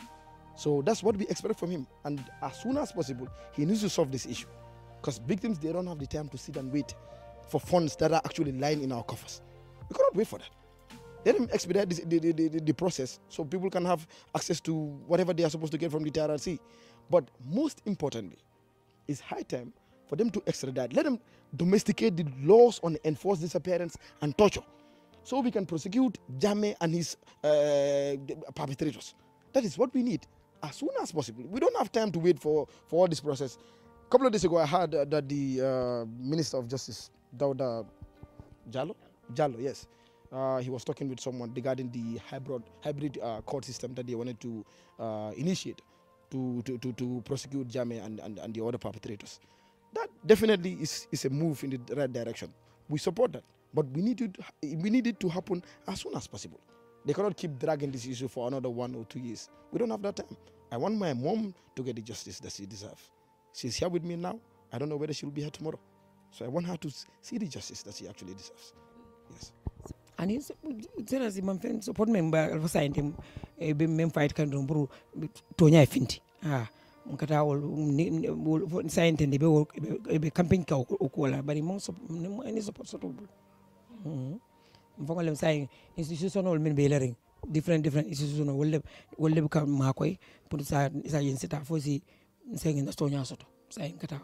So that's what we expect from him. And as soon as possible, he needs to solve this issue. Because victims, they don't have the time to sit and wait for funds that are actually lying in our coffers. We cannot wait for that. Let them expedite this, the, the, the, the, process so people can have access to whatever they are supposed to get from the TRC. But most importantly, it's high time for them to extradite. Let them domesticate the laws on enforced disappearance and torture so we can prosecute Jame and his uh, perpetrators. That is what we need as soon as possible. We don't have time to wait for, for all this process. A couple of days ago, I heard that the uh, Minister of Justice, Dauda Jallo, Jallo, yes, uh, he was talking with someone regarding the hybrid hybrid uh, court system that they wanted to uh, initiate to, to, to, to, prosecute Jame and, and, and the other perpetrators. That definitely is, is a move in the right direction. We support that, but we need, we need it to happen as soon as possible. They cannot keep dragging this issue for another one or two years. We don't have that time. I want my mom to get the justice that she deserves. She's here with me now. I don't know whether she'll be here tomorrow. So I want her to see the justice that she actually deserves. Yes. ani tsena zi mamfen support memba alfasa ende eh, be mem fight kan don buru tonya finti ah nkata wol sa ende be be campaign ka ko bari mon so ni support so to mm-hmm. mfongo lem sai institution wol min be lering different different institution wolle wolle ka makoy pour sa sa yen fosi sengi na tonya soto sai nkata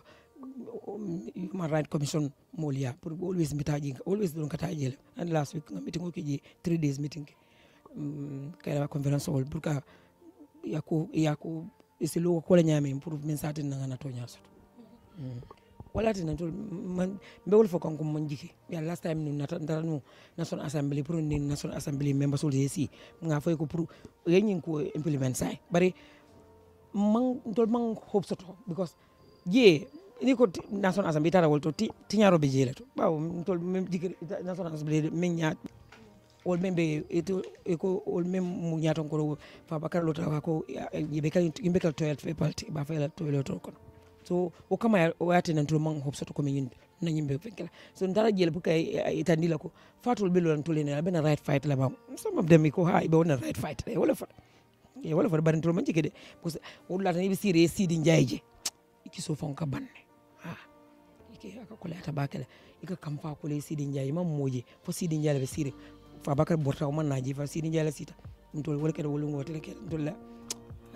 human right commission molia pour always mitaji always don kata jele and last week nga meeting okiji 3 days meeting um, mm, kaira conference hall pour ka yaku yaku isiluko kola nyame improvement satin nga natonya soto mm. wala tin tol man mbewol fo kanko mon jiki ya last time ni nata nu national assembly pour ni national assembly members ol yesi nga fay ko pour yenyin ko implement sai bari man tol man hope soto because ye ɗi national assembly tara wol to tiñaro be jeelato ɓaw tol mem jigir national assembly min ñaat wol men eto eko wol men mo ñaa ton fa fabacara lo tawa ko yibe kala yimɓe kala toilet fe palti ba fa la toilet e, e, ko so o kama o yaate nan tol man ko komin yinde na yimɓe kala so dara bu kay itandi la ko be fatol ɓelolan tolene ben right fight la ba so of dem ko ha ibe wona right fight e wala fa e wala fota barentol man jiki de parce que wollatan yiɓe siire e siidi jayje kiso fon ka banne ike aka kula ta bakala ika e kamfa kula e sidi jayi man moje fo sidi jala be sire fa bakar borta o man naji fa sidi jala sita ntol wol kede wolungo tele kede ntol la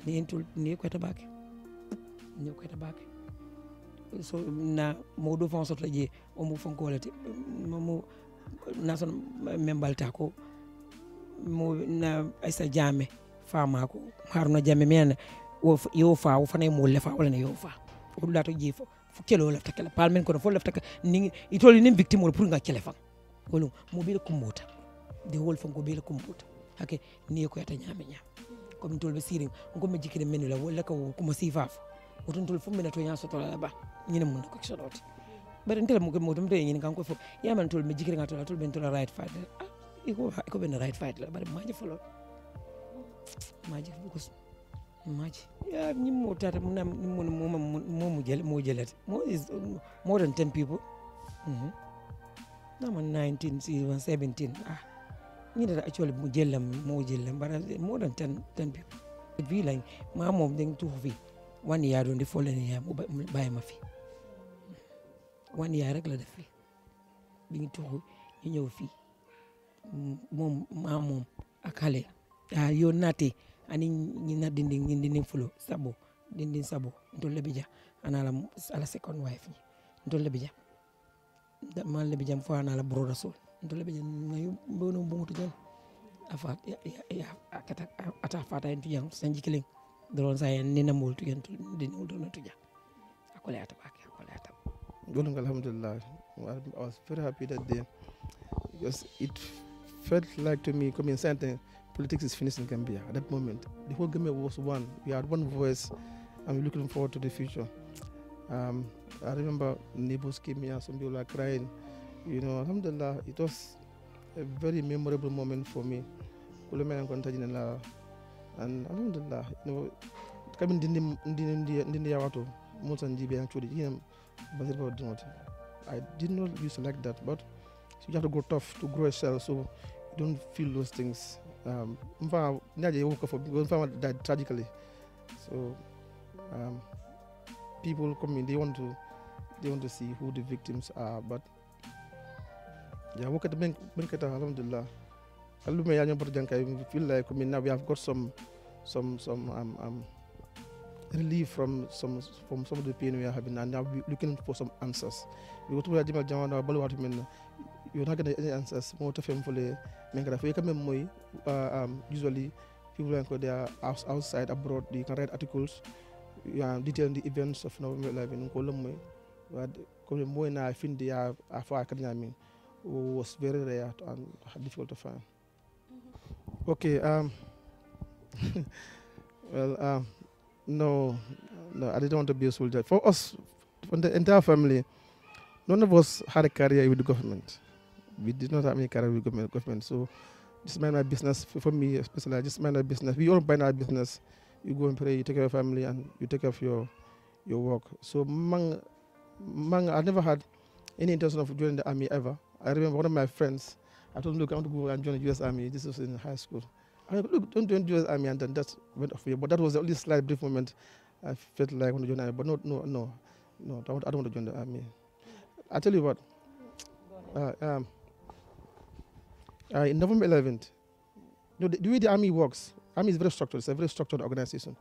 ni ntol ni ko ta bakke ni ko ta bakke so na modou fon so je o mo fon ko mo mo na son membalta ko mo na aisa jame fa ma ko harno jame men wo yo fa wo fane mo le fa wala ne yo fa o dulato jifo fo kelo lafta kala palmen kono fo lafta ni itoli nin victime pour nga kele fan wolu mo bele kumbota de wol fan go bele kumbota hake ni ko yata nyame nyame ko tol be siri ko me jikire men la wala ko ko mo sifaf o tol to to la ba nyine mun ko bare mo ko mo dum de kan ko fo ya man tol me jikire nga tol tol ben tol right fight ah, iko iko ben right fight la bare maji ya ñim mo tata muna mun mo mo mo jël mo jëlat mo is more than 10 people mhm na man 19 17 ah ni da actually mo jëlam mo jëlam bara more than 10 10 people vi like ma mom dañ tuuf fi one year do ndi folen ya mo baye ma fi one year rek la def fi bi ngi tuuf ñu ñëw fi moom maa moom ak xale ah yow naatee anin ñina dinding, ñin dinding fulu sabo dinding sabo ndol le bija ana la ala second wife ni ndol le bija da mal le bijam fo ana la bro rasul ndol le bija ngayu bu mutu jon afa ya, ya ya akata ata fata en tiyam sen kiling dolon sa en ni mul tu gen din ul don tuja akole ata bak akole ata gon wa i was very happy that day because it felt like to me coming something politics is finished in Gambia at that moment. The whole Gambia was one. We had one voice and we're looking forward to the future. Um, I remember neighbors came here, some people were crying. You know, Alhamdulillah, it was a very memorable moment for me. And Alhamdulillah, you know, kami ndindi ndindi ndindi ya actually you know i did not used to like that but you have to go tough to grow yourself so you don't feel those things um, they woke up from died tragically. So um, people come in, they want to they want to see who the victims are, but yeah, work at the Benkata, alhamdulillah. I feel like I mean now we have got some some some um, um, relief from some from some of the pain we are having and now we're looking for some answers. We go to Jamal Jamal, you're not getting any answers, more to him Mingadafo, Yekame Moy, uh, Moi, um, usually people when they are outside, abroad, you can write articles uh, detailing the events of November 11 in Kolomwe. Kolomwe, I think they are, for academia, was very rare um, and difficult to find. Mm-hmm. Okay, um, well, um, no, no, I didn't want to be a soldier. For us, for the entire family, none of us had a career with the government. We did not have any kind of government, equipment, So just mind my business. For me, especially, I just mind my business. We all mind our business. You go and pray, you take care of your family, and you take care of your your work. So, Mang, Mang, I never had any intention of joining the army ever. I remember one of my friends, I told him, look, I want to go and join the US Army. This was in high school. I said, look, don't join the US Army. And then that went off here. But that was the only slight brief moment I felt like I want to join the army. But no, no, no, no, I don't want to join the army. I tell you what, uh, um, uh, in November 11th, you know, the, the, way the army works, army is very structured. It's a very structured organization.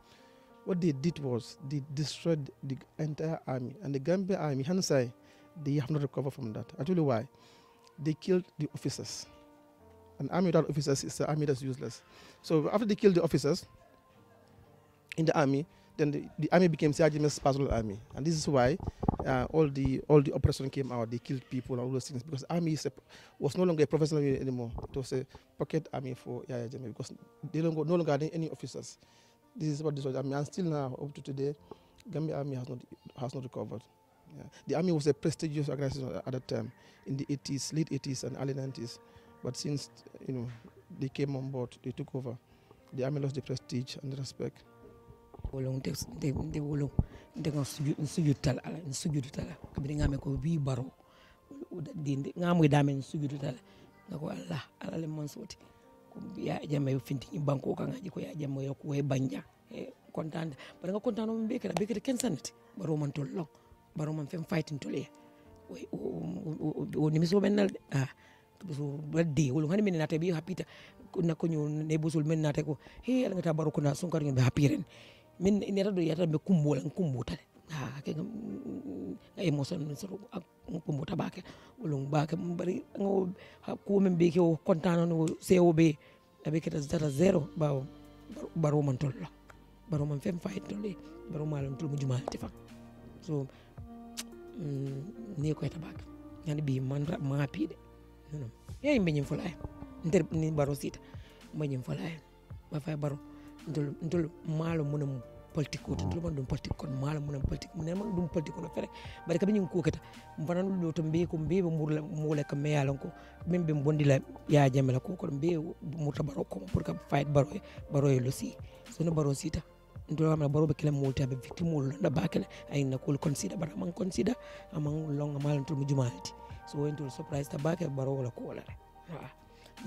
What they did was they destroyed the entire army and the Gambia army. Hence, I, they have not recovered from that. I tell you why. They killed the officers. An army without officers is an army that's useless. So after they killed the officers in the army, then the, the army became the personal army, and this is why uh, all the all the oppression came out. They killed people and all those things because army a, was no longer a professional unit anymore. It was a pocket army for Yaya Jame because they don't go, no longer had any officers. This is what this was. I mean, and still now up to today, Gambia army has not has not recovered. Yeah. The army was a prestigious organization at that time in the 80s, late 80s and early 90s. But since you know they came on board, they took over. The army lost the prestige and the respect. nde gon sujudtala ala en sujudutala kabiɗe gami ko wi baro ɗi gamoydami en sujudutala gako allah alale mon sooti ko ya jamma fintiñi banque o kangaji ko ya jamma yo ko banja e contante mbaɗa ga contante omo mbekira mbekira ken sannete baro man tol long baro man fen faytintol eya o nimisoɓen nalde a wadde wolo hani min nata ɓi happita nakkoño ne bosol men nata ko he alagata baro kona sunkar ñon ɓe min neta ɗo yiyata mbe kumbol an kumbotale hake ay mosan min soto kumbota bake olon bake bari ko min be ke o contant noon o sewo be aɓe keta zata zéro ɓaw baroman tolla baroman fen fayit tolle baro malam tol mo jumalati fan so ni koyta bake yani ɓi man mapiɗe non yeyi mbeñin fola hen nder ni baro siita mbeñin fola hen ɓa fay baro ntol ntol maalo munamum politique ko tan man ɗum politique kono maala munen politique mune man ɗum politique kono fere bari kadi ñin kuketa mbanan ɗum to mbi ko mbi ɓe muule kam meyalon ko min ɓe bondila yaa jamela ko kono mbi murta baro komo pour que fayit baroye baroye losi sono baro siita ndolama baroɓe kela multi aɓe victime ol lonɗa bakele ayinna kol consida bara aman consida aman longa malantol mo jumalati so wontol surprise ta bakele baro wala kolale aa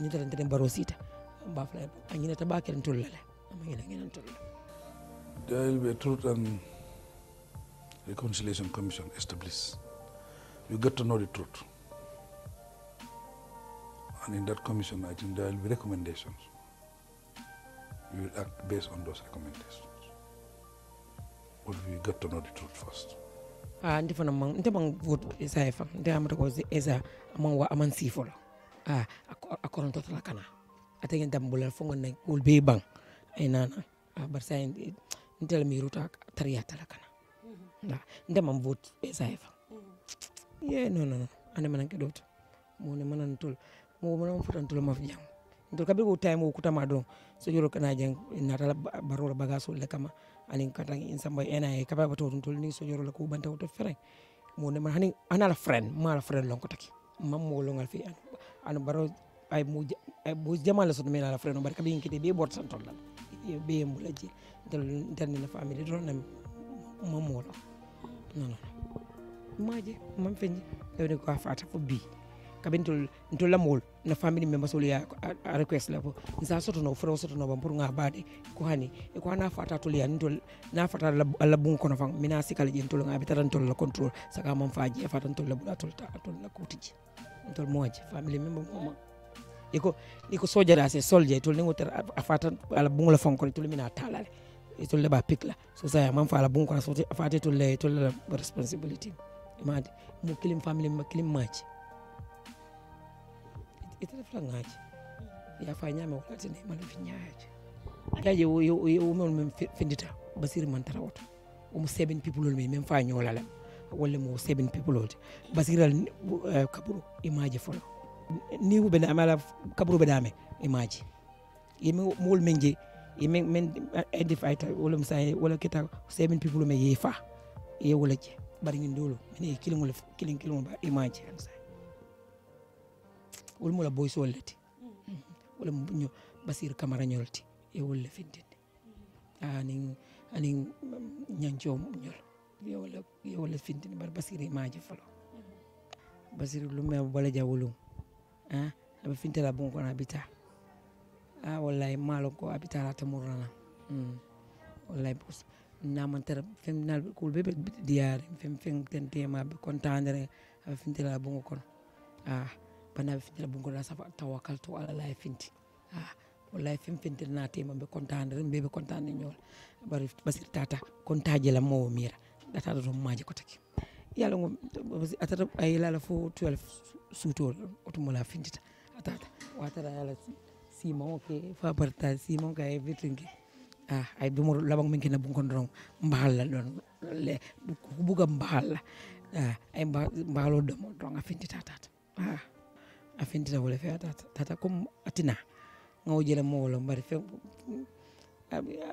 ñitatantaten baro siita mbafla a ñinata bakele tollale ama ñina ñinan tollale there will be a Truth and Reconciliation Commission established. You get to know the truth. And in that commission, I think there will be recommendations. You will act based on those recommendations. But we get to know the truth first. Ah, ndi fana mang ndi mang vote isa efa ndi amata ah, ko isa amang wa amang sifo la ah akoron to tala kana ategen dambulal fongo na mul be bang ay nana ah barsa ntela miruta tariyatala kana nda ma vote esaye fa ye no no no ane manan ke dot mo ne manan tol mo manan futan tol maf jang tol kabe ko time o kutama don so yoro kana jang natala barola bagaso le kama ani katang in samba ena e kaba bato tol ni so yoro la ko banta to fereng mo ne man ana la friend ma la friend lon ko taki mam mo lo ngal fi an baro ay mo ay bo jamal so me la friend no bar kabi ngi te be bot santol la ಬೇಯಂಬುಲಜ್ಜಿ ಇಂಟರ್ನೆಲ್ಲ family ಡ್ರೋ ನಮ್ಮ mamolo non non maje mam fenji lewde ko afata fo bi kaɓe ntol ntol lamol no family member sol ya a request la fo sa sotono fro sotono ba pour nga baade ko hani e ko na fata tol ya ntol na fata alla bun kono fam mina sikal je nga ngabe tan tol la control saka mam faji e fata ntol la bula tol ta tol la kutiji ntol moje family member mama iko iko soldier ase soldier tol ningo ter afata ala bungla fonkol tol mina talale tol le ba pikla so sa mam fa ala bung ko so afata tol le tol le responsibility ma mu kilim family ma kilim match itele flangaji ya fa nyame ko tene ma le finyaaji yaje wo wo mo mem fendita basir man tarawto o mo seven people lol me mem fa nyolala wala mo seven people lol basir eh, kaburu imaje folo ni hu bena amala kaburu bena ame imaji yeme mul menje yeme men identify ta wala musa wala kita seven people me yefa ye wala je bari ngin dolo men kilin wala kilin kilin ba imaji ansa wol mula boy solati wala mm-hmm. nyo basir kamara nyolti e wala findinde mm-hmm. anin ah, anin ah, mm, nyanjom nyol ye wala ye wala findinde bar basir imaji falo mm-hmm. basir lumme wala jawulum Eh? aɓe fintela bon kono abita a wallay maalo ko abita la tamurlana wallay namantara fem nalɓe kol ɓe ɓe diyare fem fem ten temaɓe contandere aɓe fintela bongo kono a ah, bana ɓe fintela bongo la safa tawakal to allah la e finti a ah, wallay fem fentel na tema ɓe contandere ɓe ɓe contande ñoola bari basir tata contaje la mowo mira ɗataɗo toon maje ko taki yala ngo atata a yilala fo 12 sutol otumola findita atata watara ala simon ke fa barta simon ka e vitin ke ah ay dumo labang min kina bungkon rong mbahalla don le buga mbahalla ah ay mbahalo domo rong afindita tata ah afindita wala fe tata tata kum atina ngaw jela mo wala mbari fe mm, mm,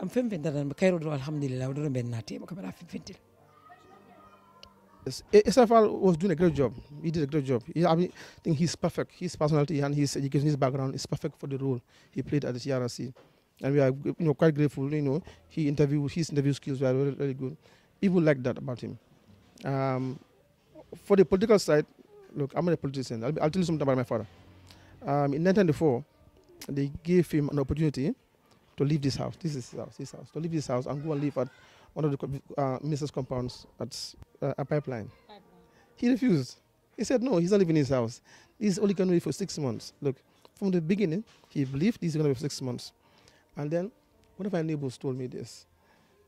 am fem fem tata kayro do alhamdulillah do ben nati ko bala fem SFL was doing a great job. He did a great job. He, I, mean, I think he's perfect. His personality and his education, his background is perfect for the role he played at the CRC. And we are you know, quite grateful. You know, he interview, his interview skills were really, really good. People like that about him. Um, for the political side, look, I'm not a politician. I'll, I'll tell you something about my father. Um, in 1994, they gave him an opportunity to leave this house. This is his house, his house. To leave this house and go and live at one of the uh, Mrs. compounds at uh, a pipeline. pipeline. He refused. He said, no, he's not leaving his house. He's only going to be for six months. Look, from the beginning, he believed he's going to be for six months. And then one of our neighbors told me this.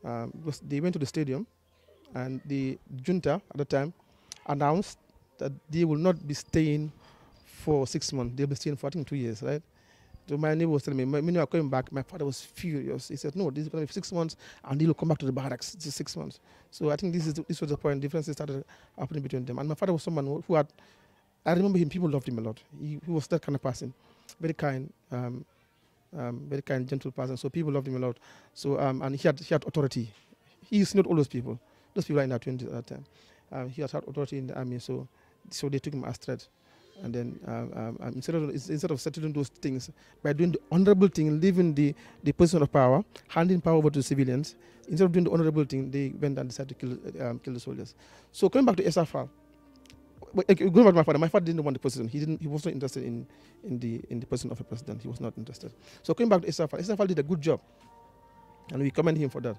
Um, they went to the stadium, and the junta at the time announced that they will not be staying for six months. They'll be staying for, I think, two years, right? So my neighbor was telling me, when you are coming back, my father was furious. He said, no, this is going to be six months, and he'll come back to the barracks. It's six months. So I think this is this was the point. Differences started happening between them. And my father was someone who had, I remember him, people loved him a lot. He, he was that kind of person, very kind, um, um, very kind, gentle person. So people loved him a lot. So, um, and he had, he had authority. He's not all those people. Those people are in their 20s at that time. Um, he had authority in the army, so, so they took him as threat and then um, um, um instead, of, instead of settling those things by doing the honorable thing, leaving the, the position of power, handing power over to civilians, instead of doing the honorable thing, they went and decided to kill, um, kill the soldiers. So coming back to SFR, going back to my father, my father didn't want the position. He didn't. He was not interested in, in the in the position of a president. He was not interested. So coming back to SFR, SFR did a good job, and we commend him for that.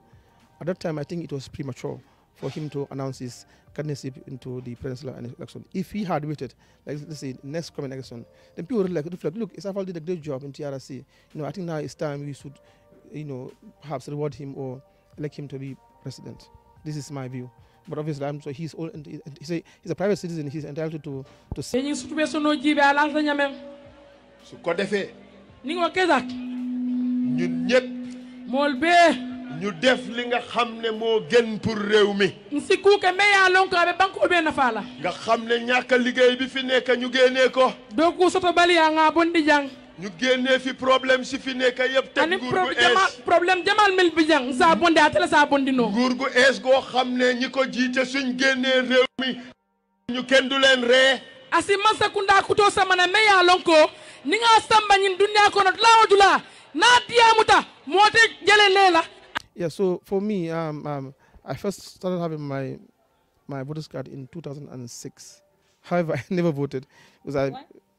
At that time, I think it was premature for him to announce his candidacy into the presidential election. If he had waited, like let's say next coming election, then people would like reflect, look, Isafal did a great job in TRC. You know, I think now it's time we should, you know, perhaps reward him or elect him to be president. This is my view. But obviously, I'm so he's all, he's a, he's a private citizen. He's entitled to to. say. su ko Ñun ñu def li nga xam ne moo gën pour réew mi nsikuuke meya lonkaaɓe banko ɓe la nga xam ne ñàkka liggéey bi fi nekk ñu génnee ko donc soto baliya nga bonɗi jang ñu génnee fi problème si fi nekk yëpp teg nguur gu ees problème jamal mil bi jang saa bondi atele saa bondi noo nguur gu ees goo xam ne ñi ko jiite suñ génnee réew mi ñu kenn du leen ree asi masa kunda kutoo samana meya lonko ni nga sambañin duniya kono laawo dula naa diyaamuta moo te jële lee la Yeah, so for me, um, um, I first started having my my voter's card in 2006. However, I never voted because I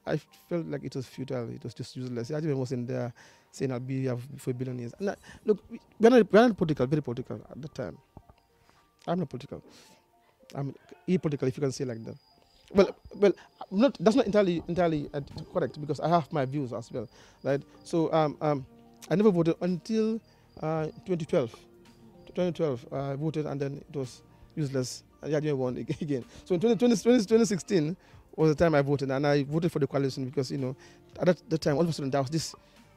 I felt like it was futile. It was just useless. I even wasn't there saying I'll be here for a billion years. I, look, we're not, we're not political, very political at the time. I'm not political. I'm apolitical, if you can say like that. Well, well, not that's not entirely entirely uh, correct because I have my views as well, right? So um, um, I never voted until uh, 2012. 2012, uh, I uh, voted and then it was useless. Yadime won again. So in 2016 was the time I voted, and I voted for the coalition because you know at that, that time all of a sudden there was this,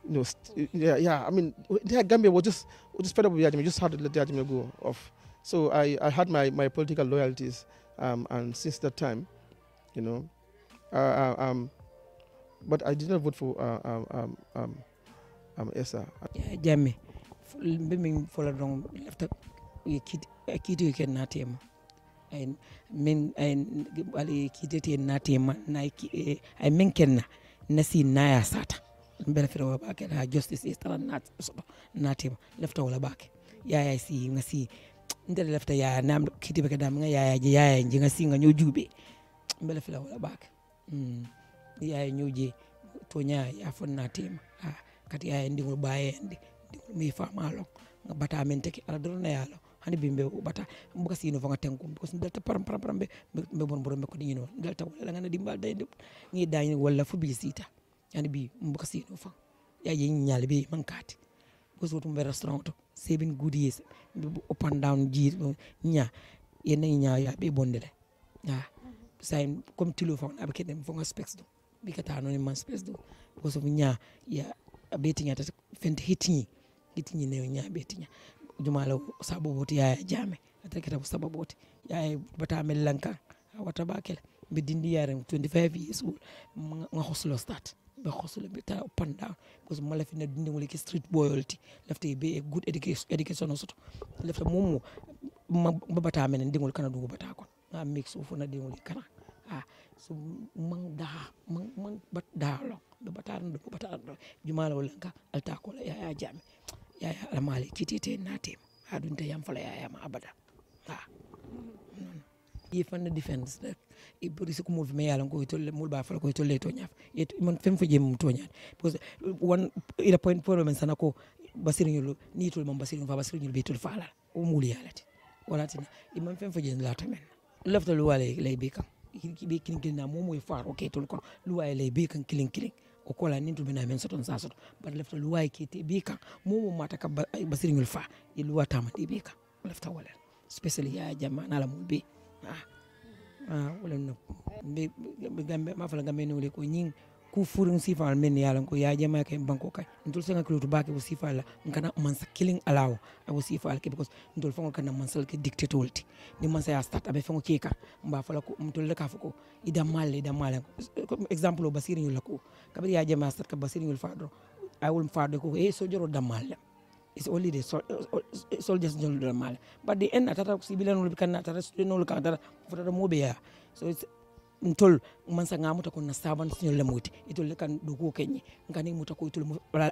you know, yeah, yeah. I mean, the Gambia was just was just fed up with Yadime. Just had to let Yadime go off. So I, I had my, my political loyalties, um, and since that time, you know, uh, uh um, but I did not vote for um, um, um, um, ESA. Yeah, Jamie. ɓe fola ɗon lefta kiido e ken naati ma min ala kiidete naati ma ay min kenna nasi naya sata ɗum beele feɗa wala baake ha justice e tara soɗo naatima lefta wala baake yaya si nga si ndele lefta yaya namɗo kiitiɓe kadam nga yaya ji nga si nga ñojuuɓe beele feɗa wala baake yaya ñoje toña ya fon naatima a kat yaya ndigol ɓaye baye ndi dikul mi famalo bata min teki ala dorna yalo hani bimbe bata mbuka sino fanga tenku because delta param param param be be bon borom ko dingino delta wala ngana dimbal day dum ngi dañi wala fubi sita yani bi mbuka sino fa ya yi nyaal be mankati because wotum be restaurant to seven good years up and down jir nya yena nya ya be bondele ya say comme tilo fa na be specs do bi kata no man specs do because of nya ya abeting at fent hitting kiti gitiñineo ñaaɓe tiña jumala saboboti ya jame atakita ko saboboti yaya batamel lankan a wata bakele mbe dindi yarem 25 years old nga hoslo start be hoslo be ta up and down because mala fina dindi ngol ki street loyalty lafte be a good education education soto lafte momo mbabata men ndingol kana dugo bata kon nga mix ofu na dingol kana ah so man daha man man bat daha lo do bataran do bataran do jumala wala ka alta ko ya jame yaya almali kitite natim adunte yam fala yayama abada ha ye fanna defense rek i buri siku movement yala ko tolle mul ba fala ko tolle to nyaf yet man fem fa jem to nyaf because uh, one ila point point men sana ko basiru nyulu ni tul mom basiru fa basiru nyulu betul fala o mul yala wala ti i fem fa jem la tamen lafta lu lay be kan ki be kin kin na mo moy e far okay tul ko lu wala e lay be kan kilin kilin okola nintu bina men soton sa soto bara lefta luwa ke te bika mumu mata ka basiri ngul fa e luwa tama te bika lefta wala especially ya jama na la mulbe ah ah wala no be gambe ma gambe no ko nying kufuri nsifa almen yala ko ya jama ke banko kay ndul sanga kilo to bake bu sifa la ngana man sa killing alaw abu sifa al ke because ndul fongo kana man sal ke dictate wolti ni man sa ya start abe fongo keka mba fala ko mtul le ko ida mal ida mal example basiri yul ko kabri ya jama start ka ni fa fadro ay wol fa fadro ko e eh, so joro da mal is only the soldiers uh, da mal but the end atata ko sibila no bikanna atata no ka atata fotata mobe ya so it's ntol mansa nga muta ko na saban suñu le muti itol le kan do ko kenyi ngani muta ko itol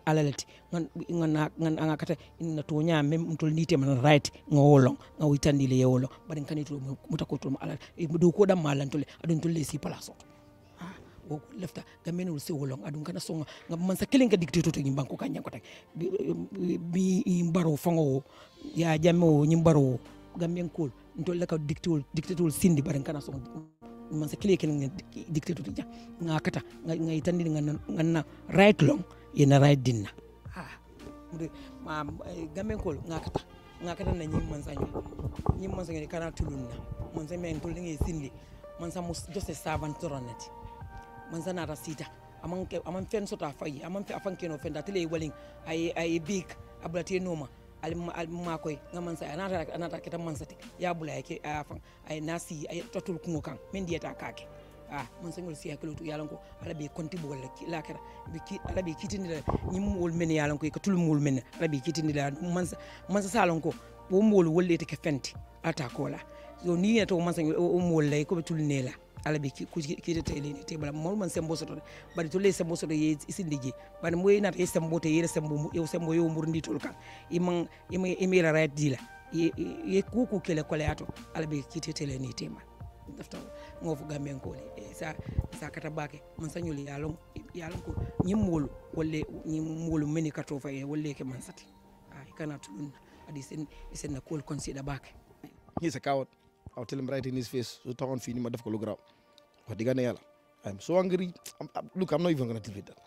alalati ngan ngan ngan nga kata in na tonya mem ntol nite man right nga wolong nga witandi le yolo bari kan itol muta ko itol alal do ko dam malan tol adun tol le si palaso ah. wo lefta gamen ul si long adun kana songa ngam man sa kelen ka dictator to nyimbanko kanya ko tak bi mbaro fango ya jamo o nyimbaro gamen kul ntol la ka dictator dictator sindi bari kana songa man sa kile kelen dictator ja nga kata nga itandi nga na right long yana right dinna ma eh, gamen kol nga kata nga kata na nyi man sanyo nyi man sanyo kana tulunna man sa men tulun ngi sindi man sa mus just a servant toronati man sa na rasita amman amman fen sota fayi amman fe afan keno fen da tele walin ay ay big abulati noma alma koy nga man sa anata anata kita man sati ya bula yake a fan ay nasi ay tatul kungo kan min diyata kake a man sa ngol siya kilo to yalan ko ala be konti bo wala la kara be ki ala be kitindi la nyim wol men yalan ko e tul mul men ala be la man sa man sa salon ko bo mol wolle te ke fenti ata kola yo ni to man sa o mol lay e ko tul nela ala ɓe kiiteteɗeɗe te bala malman sembo sotoɗe mbaɗa tolle sembo soto ye isinde je mbaɗa mo yenata ye sembo te yere sembo yew sembo yew mburndi tol kan iman imela rayat dila ye kuku kele koleya to ala ɓe kiitetele ni tema dafta ngofo gamen koli e sa sa kata bake man sañoli yalon yalon ko ñimmolu wolle ñimmolu meni kato fa e wolle ke man sati ay kana tulunna adi sen sen na kol konsiɗa bake ñisa kawot aw telim rayte nis face so tawon fini ma def ko lu graw Padigane Yala. I'm so angry. I'm, I'm, look, I'm not even going to deal with that.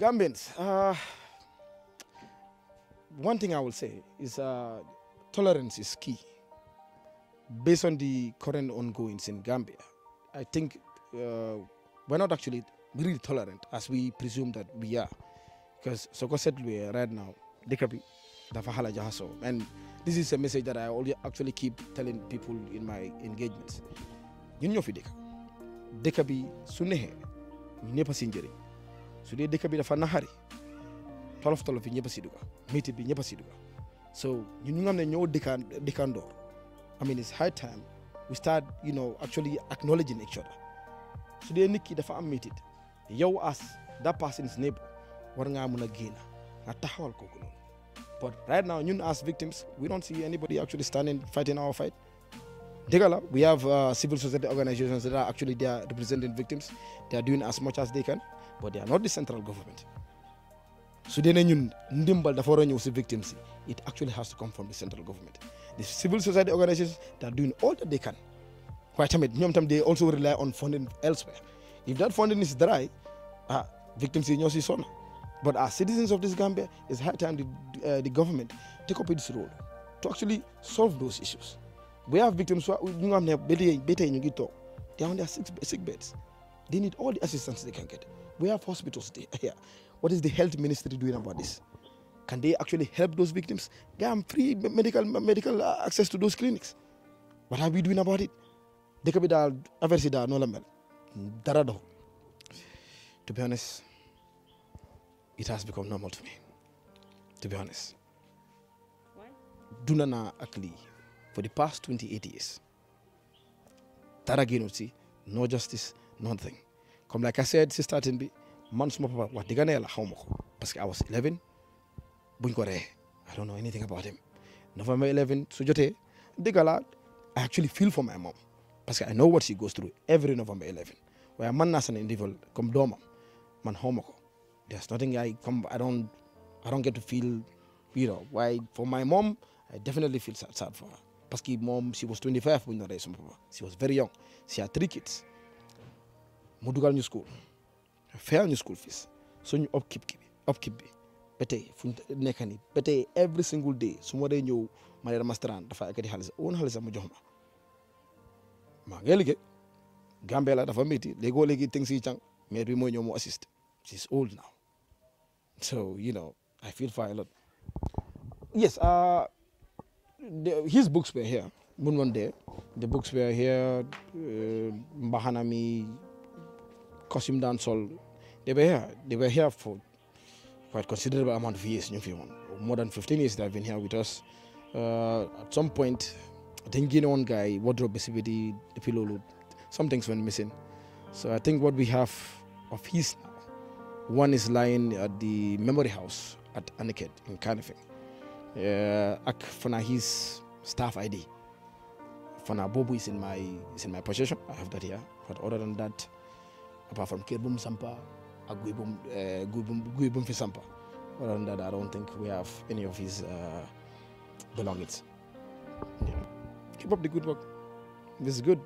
Yeah. Gambians, uh, one thing I will say is uh, tolerance is key. Based on the current ongoings in Gambia, I think uh, we're not actually really tolerant as we presume that we are. Because Soko said we are right now, Dikabi, Dafahala Jahaso. And this is a message that I actually keep telling people in my engagements. ñun ñoo fi dëkk dëkk bi su neexee ñu ñëpp a si njëriñ su dee dëkk bi dafa naxari tolof tolof yi ñëpp a si dugg bi ñëpp a si dugg so ñun ñu nga xam ne ñoo dëkkaan dëkkaandoor I mean it's high time we start you know actually acknowledging each other su dee nit ki dafa am métit yow as that is neighbor war ngaa mun a génn nga taxawal kooku noonu but right now ñun as victims we don't see anybody actually standing fighting our fight Degala, we have uh, civil society organizations that are actually they are representing victims. They are doing as much as they can, but they are not the central government. So then you ndimbal dafa wara ñew ci victims it actually has to come from the central government. The civil society organizations they are doing all that they can. Why tamit ñom time they also rely on funding elsewhere. If that funding is dry, uh, victims in your ci But as citizens of this Gambia, it's high time the, uh, the government take up its role to actually solve those issues we have victims who are xam ne ba tey they are on their sick, sick beds they need all the assistance they can get we have hospitals here what is the health ministry doing about this can they actually help those victims they them free medical medical uh, access to those clinics what are we doing about it dëkk bi daal affaire si daal noonu la mel dara to be honest it has become normal to me to be honest dunda naa for the past 28 years. see, no justice, nothing. Come, like I said, Sister Tinbi, months more papa wax dëgg ne la xaw ma ko parce I was 11 I don't know anything about him November 11 su jotee dëgg I actually feel for my mom because I know what she goes through every November 11 my man naa an individual come doomam man home. there's nothing I come I don't I don't get to feel you know why for my mom I definitely feel sad sad for her parce que mom, she was 25 when I raised her. papa she was very young she had three kids mu dugal new school Fair new school fees suñu upkeep bi upkeep bi ba tey fu ñu nekk nii ba every single day su ma dee ñëw ma ne ramastraan dafa ekkati xaalis woon xaalis mu jox ma maa ngi liggéey Gambie la dafa métti léegoo léegi teg si càng mais bi mooy ñëw mu assist she's old now so you know I feel fine a lot yes. Uh, the, his books were here. day, the books were here. Uh, Mbahanami, Kosim Dansol, they were here. They were here for quite considerable amount of years. More than 15 years they've been here with us. Uh, at some point, I think you know one guy, wardrobe basically, the pillow, some things went missing. So I think what we have of his now, one is lying at the memory house at Aniket in Carnifing ek for his staff ID. Fana Bobu is in my is in my possession. I have that here. But other than that, apart from Kirbum Sampa, Aguibum eh, uh, Fisampa. Other than that, I don't think we have any of his uh, belongings. Yeah. Keep up the good work. This is good.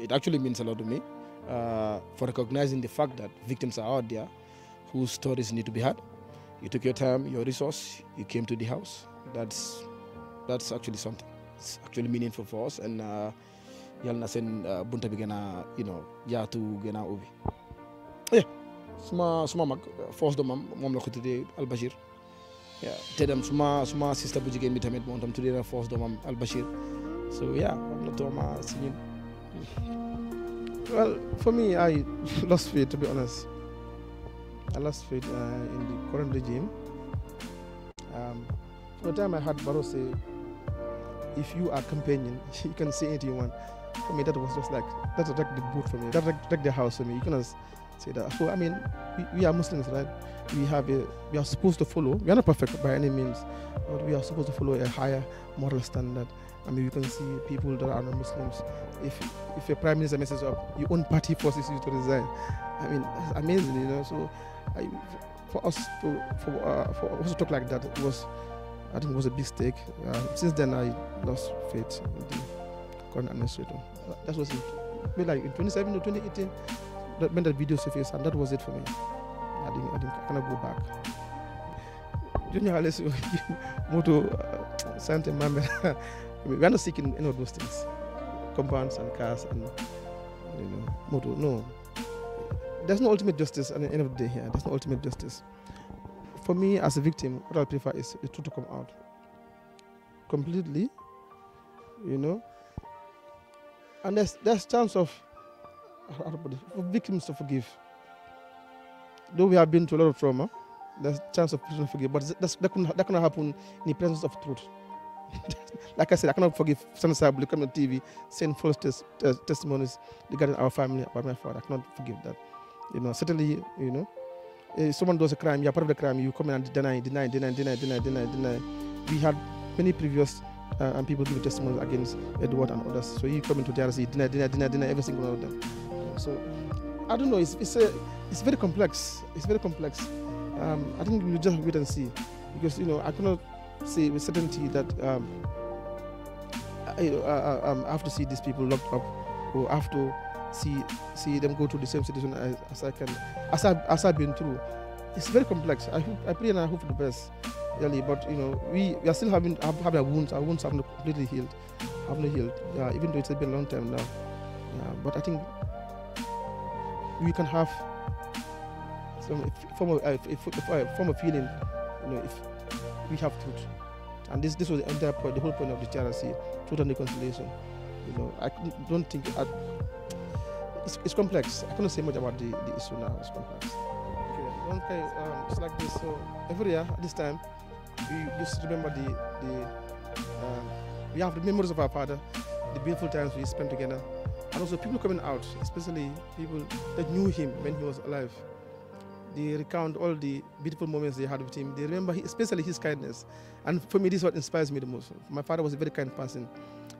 It actually means a lot to me uh, for recognizing the fact that victims are out there whose stories need to be heard. You took your time, your resource, you came to the house, that's that's actually something. It's actually meaningful for us and uh, yal na seen uh, bunta bi you know ya tu, a ubi." Yeah, suma suma mag uh, force doomam moom kuti al Bashir. Yeah, te dem suma suma sister bu jigéen bi tamit moom tam na force al Bashir. so yeah i am not doing my singing. Well, for me, I lost faith to be honest. I lost faith uh, in the current regime. Um, the time I heard Baro say, if you are companion, you can say anything you want. For me, that was just like, that's like the boot for me. That's like, like the house for me. You cannot say that. I mean, we, we are Muslims, right? We have a, we are supposed to follow. We are not perfect by any means, but we are supposed to follow a higher moral standard. I mean, you can see people that are not Muslims. If if your prime minister messes up, your own party forces you to resign. I mean, it's amazing, you know. So, I, for us to for, uh, for us to talk like that was I think it was a big mistake. Uh, since then, I lost faith in the current administration. That was it. Maybe like in 2017 or 2018, that when that video surfaced, and that was it for me. I didn't, I didn't I cannot go back. Junior Alice, Moto, uh, Santa Mama, we are not seeking any of those things compounds and cars and you know, motor. No, there's no ultimate justice at the end of the day here. There's no ultimate justice for me as a victim, what I prefer is the truth to come out completely, you know. And there's there's chance of for victims to forgive. Though we have been to a lot of trauma, there's chance of people to forgive, but that's, that cannot that cannot happen in the presence of truth. like I said, I cannot forgive Sansai will come on TV saying false tes- tes- testimonies regarding our family about my father. I cannot forgive that. You know, certainly, you know. Eh, someone does a crime, you're part of the crime, you come in and deny, deny, deny, deny, deny, deny, deny. We had many previous uh, and people give testimonies against Edward and others. So you come into DRC, deny, deny, deny, deny, every single one of them. So I don't know, it's, it's, a, it's very complex. It's very complex. Um, I think we just wait and see because, you know, I cannot say with certainty that um, I, I, I, um, have to see these people locked up or have to see see them go through the same situation as, as I can as I as I've been through. It's very complex. I hope, I pray and I hope for the best, really. But you know, we, we are still having have, have our wounds. Our wounds have not completely healed, have not healed. Yeah, even though it's been a long time now. Yeah, but I think we can have some form of a, form of feeling. You know, if we have truth, and this this was the entire point, the whole point of the TRC, truth and reconciliation. You know, I don't think. I, it's, it's, complex. I cannot say much about the, the issue now. It's complex. Okay. One um, it's like this. So every year at this time, we just remember the the um, we have the memories of our father, the beautiful times we spent together, and also people coming out, especially people that knew him when he was alive. They recount all the beautiful moments they had with him. They remember especially his kindness, and for me, this is what inspires me the most. My father was a very kind person.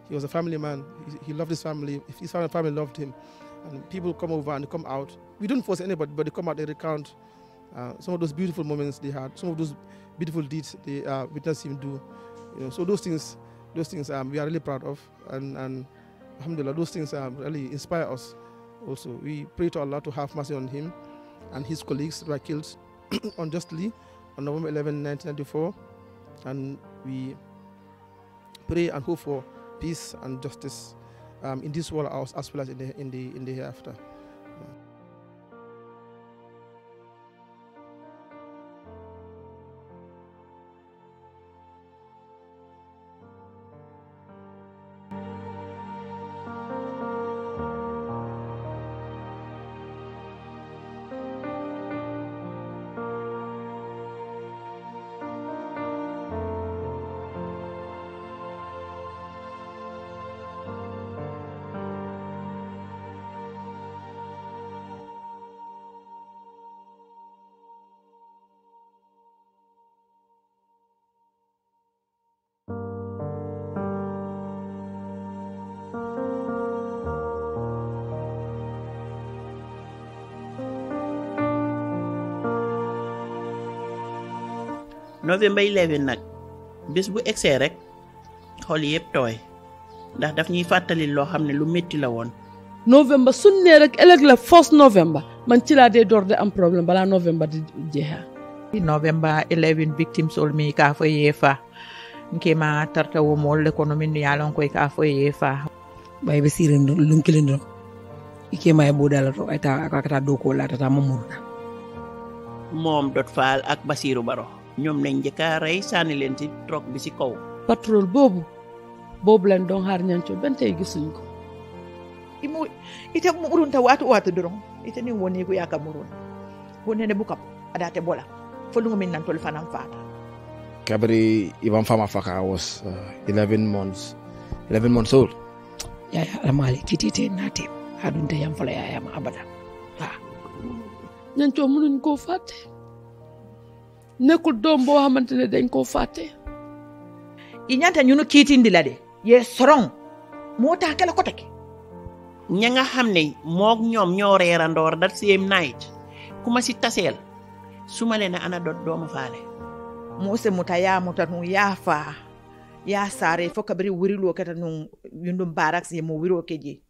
He was a family man. He, he loved his family. His family loved him and people come over and come out. We don't force anybody, but they come out and recount uh, some of those beautiful moments they had, some of those beautiful deeds they uh, witnessed him do. You know, so those things, those things um, we are really proud of, and, and alhamdulillah, those things um, really inspire us. Also, we pray to Allah to have mercy on him and his colleagues who were killed unjustly on November 11, 1994, and we pray and hope for peace and justice um, in this world as well as in the, in the, in the hereafter. November 11 nak, bés bu egsee rek xol yëpp tooy ndax daf ñuy fàttali loo xam ne lu métti la woon. November suñ nee rek la first November man ci laa dee door de am problème balaa November di jeexal. November 11 victims olmi ka fo yeefa nkema tarta womol l'économie nu yalon koy ka fo yeefa. bay be siren lum kilin don ikema e bodala to ay ta akata la Dot Faal ak basiru Baro ñoom lañ njëkka rey sànni leen ci trok bi ci kaw patrol boobu boobu lañ doon xaar ñanco ben tey gisuñ ko imu ite murunta watu watu dorong ite ni woni ko yaka murun wonene bukap adate bola folungo min nantol fanan fata kabri ibam fama faka was uh, 11 months 11 months old ya ya alamali titite nate adunte yam fala ya yam abada ha ñanco munun ko nekkul doom boo xamante ne dañ koo fàtte i ñanta ñunu kiitindi la de ye sorong moo tax kala kote ke ña nga xam ne moog ñoom ñoo reerandoor that same night kuma si taseel suma le ne ana dot dooma faale muuse muta yaa muta nu yaa faa yaa saare fo kabiri wiriloo keta nu yundum barak si mu wiroo ke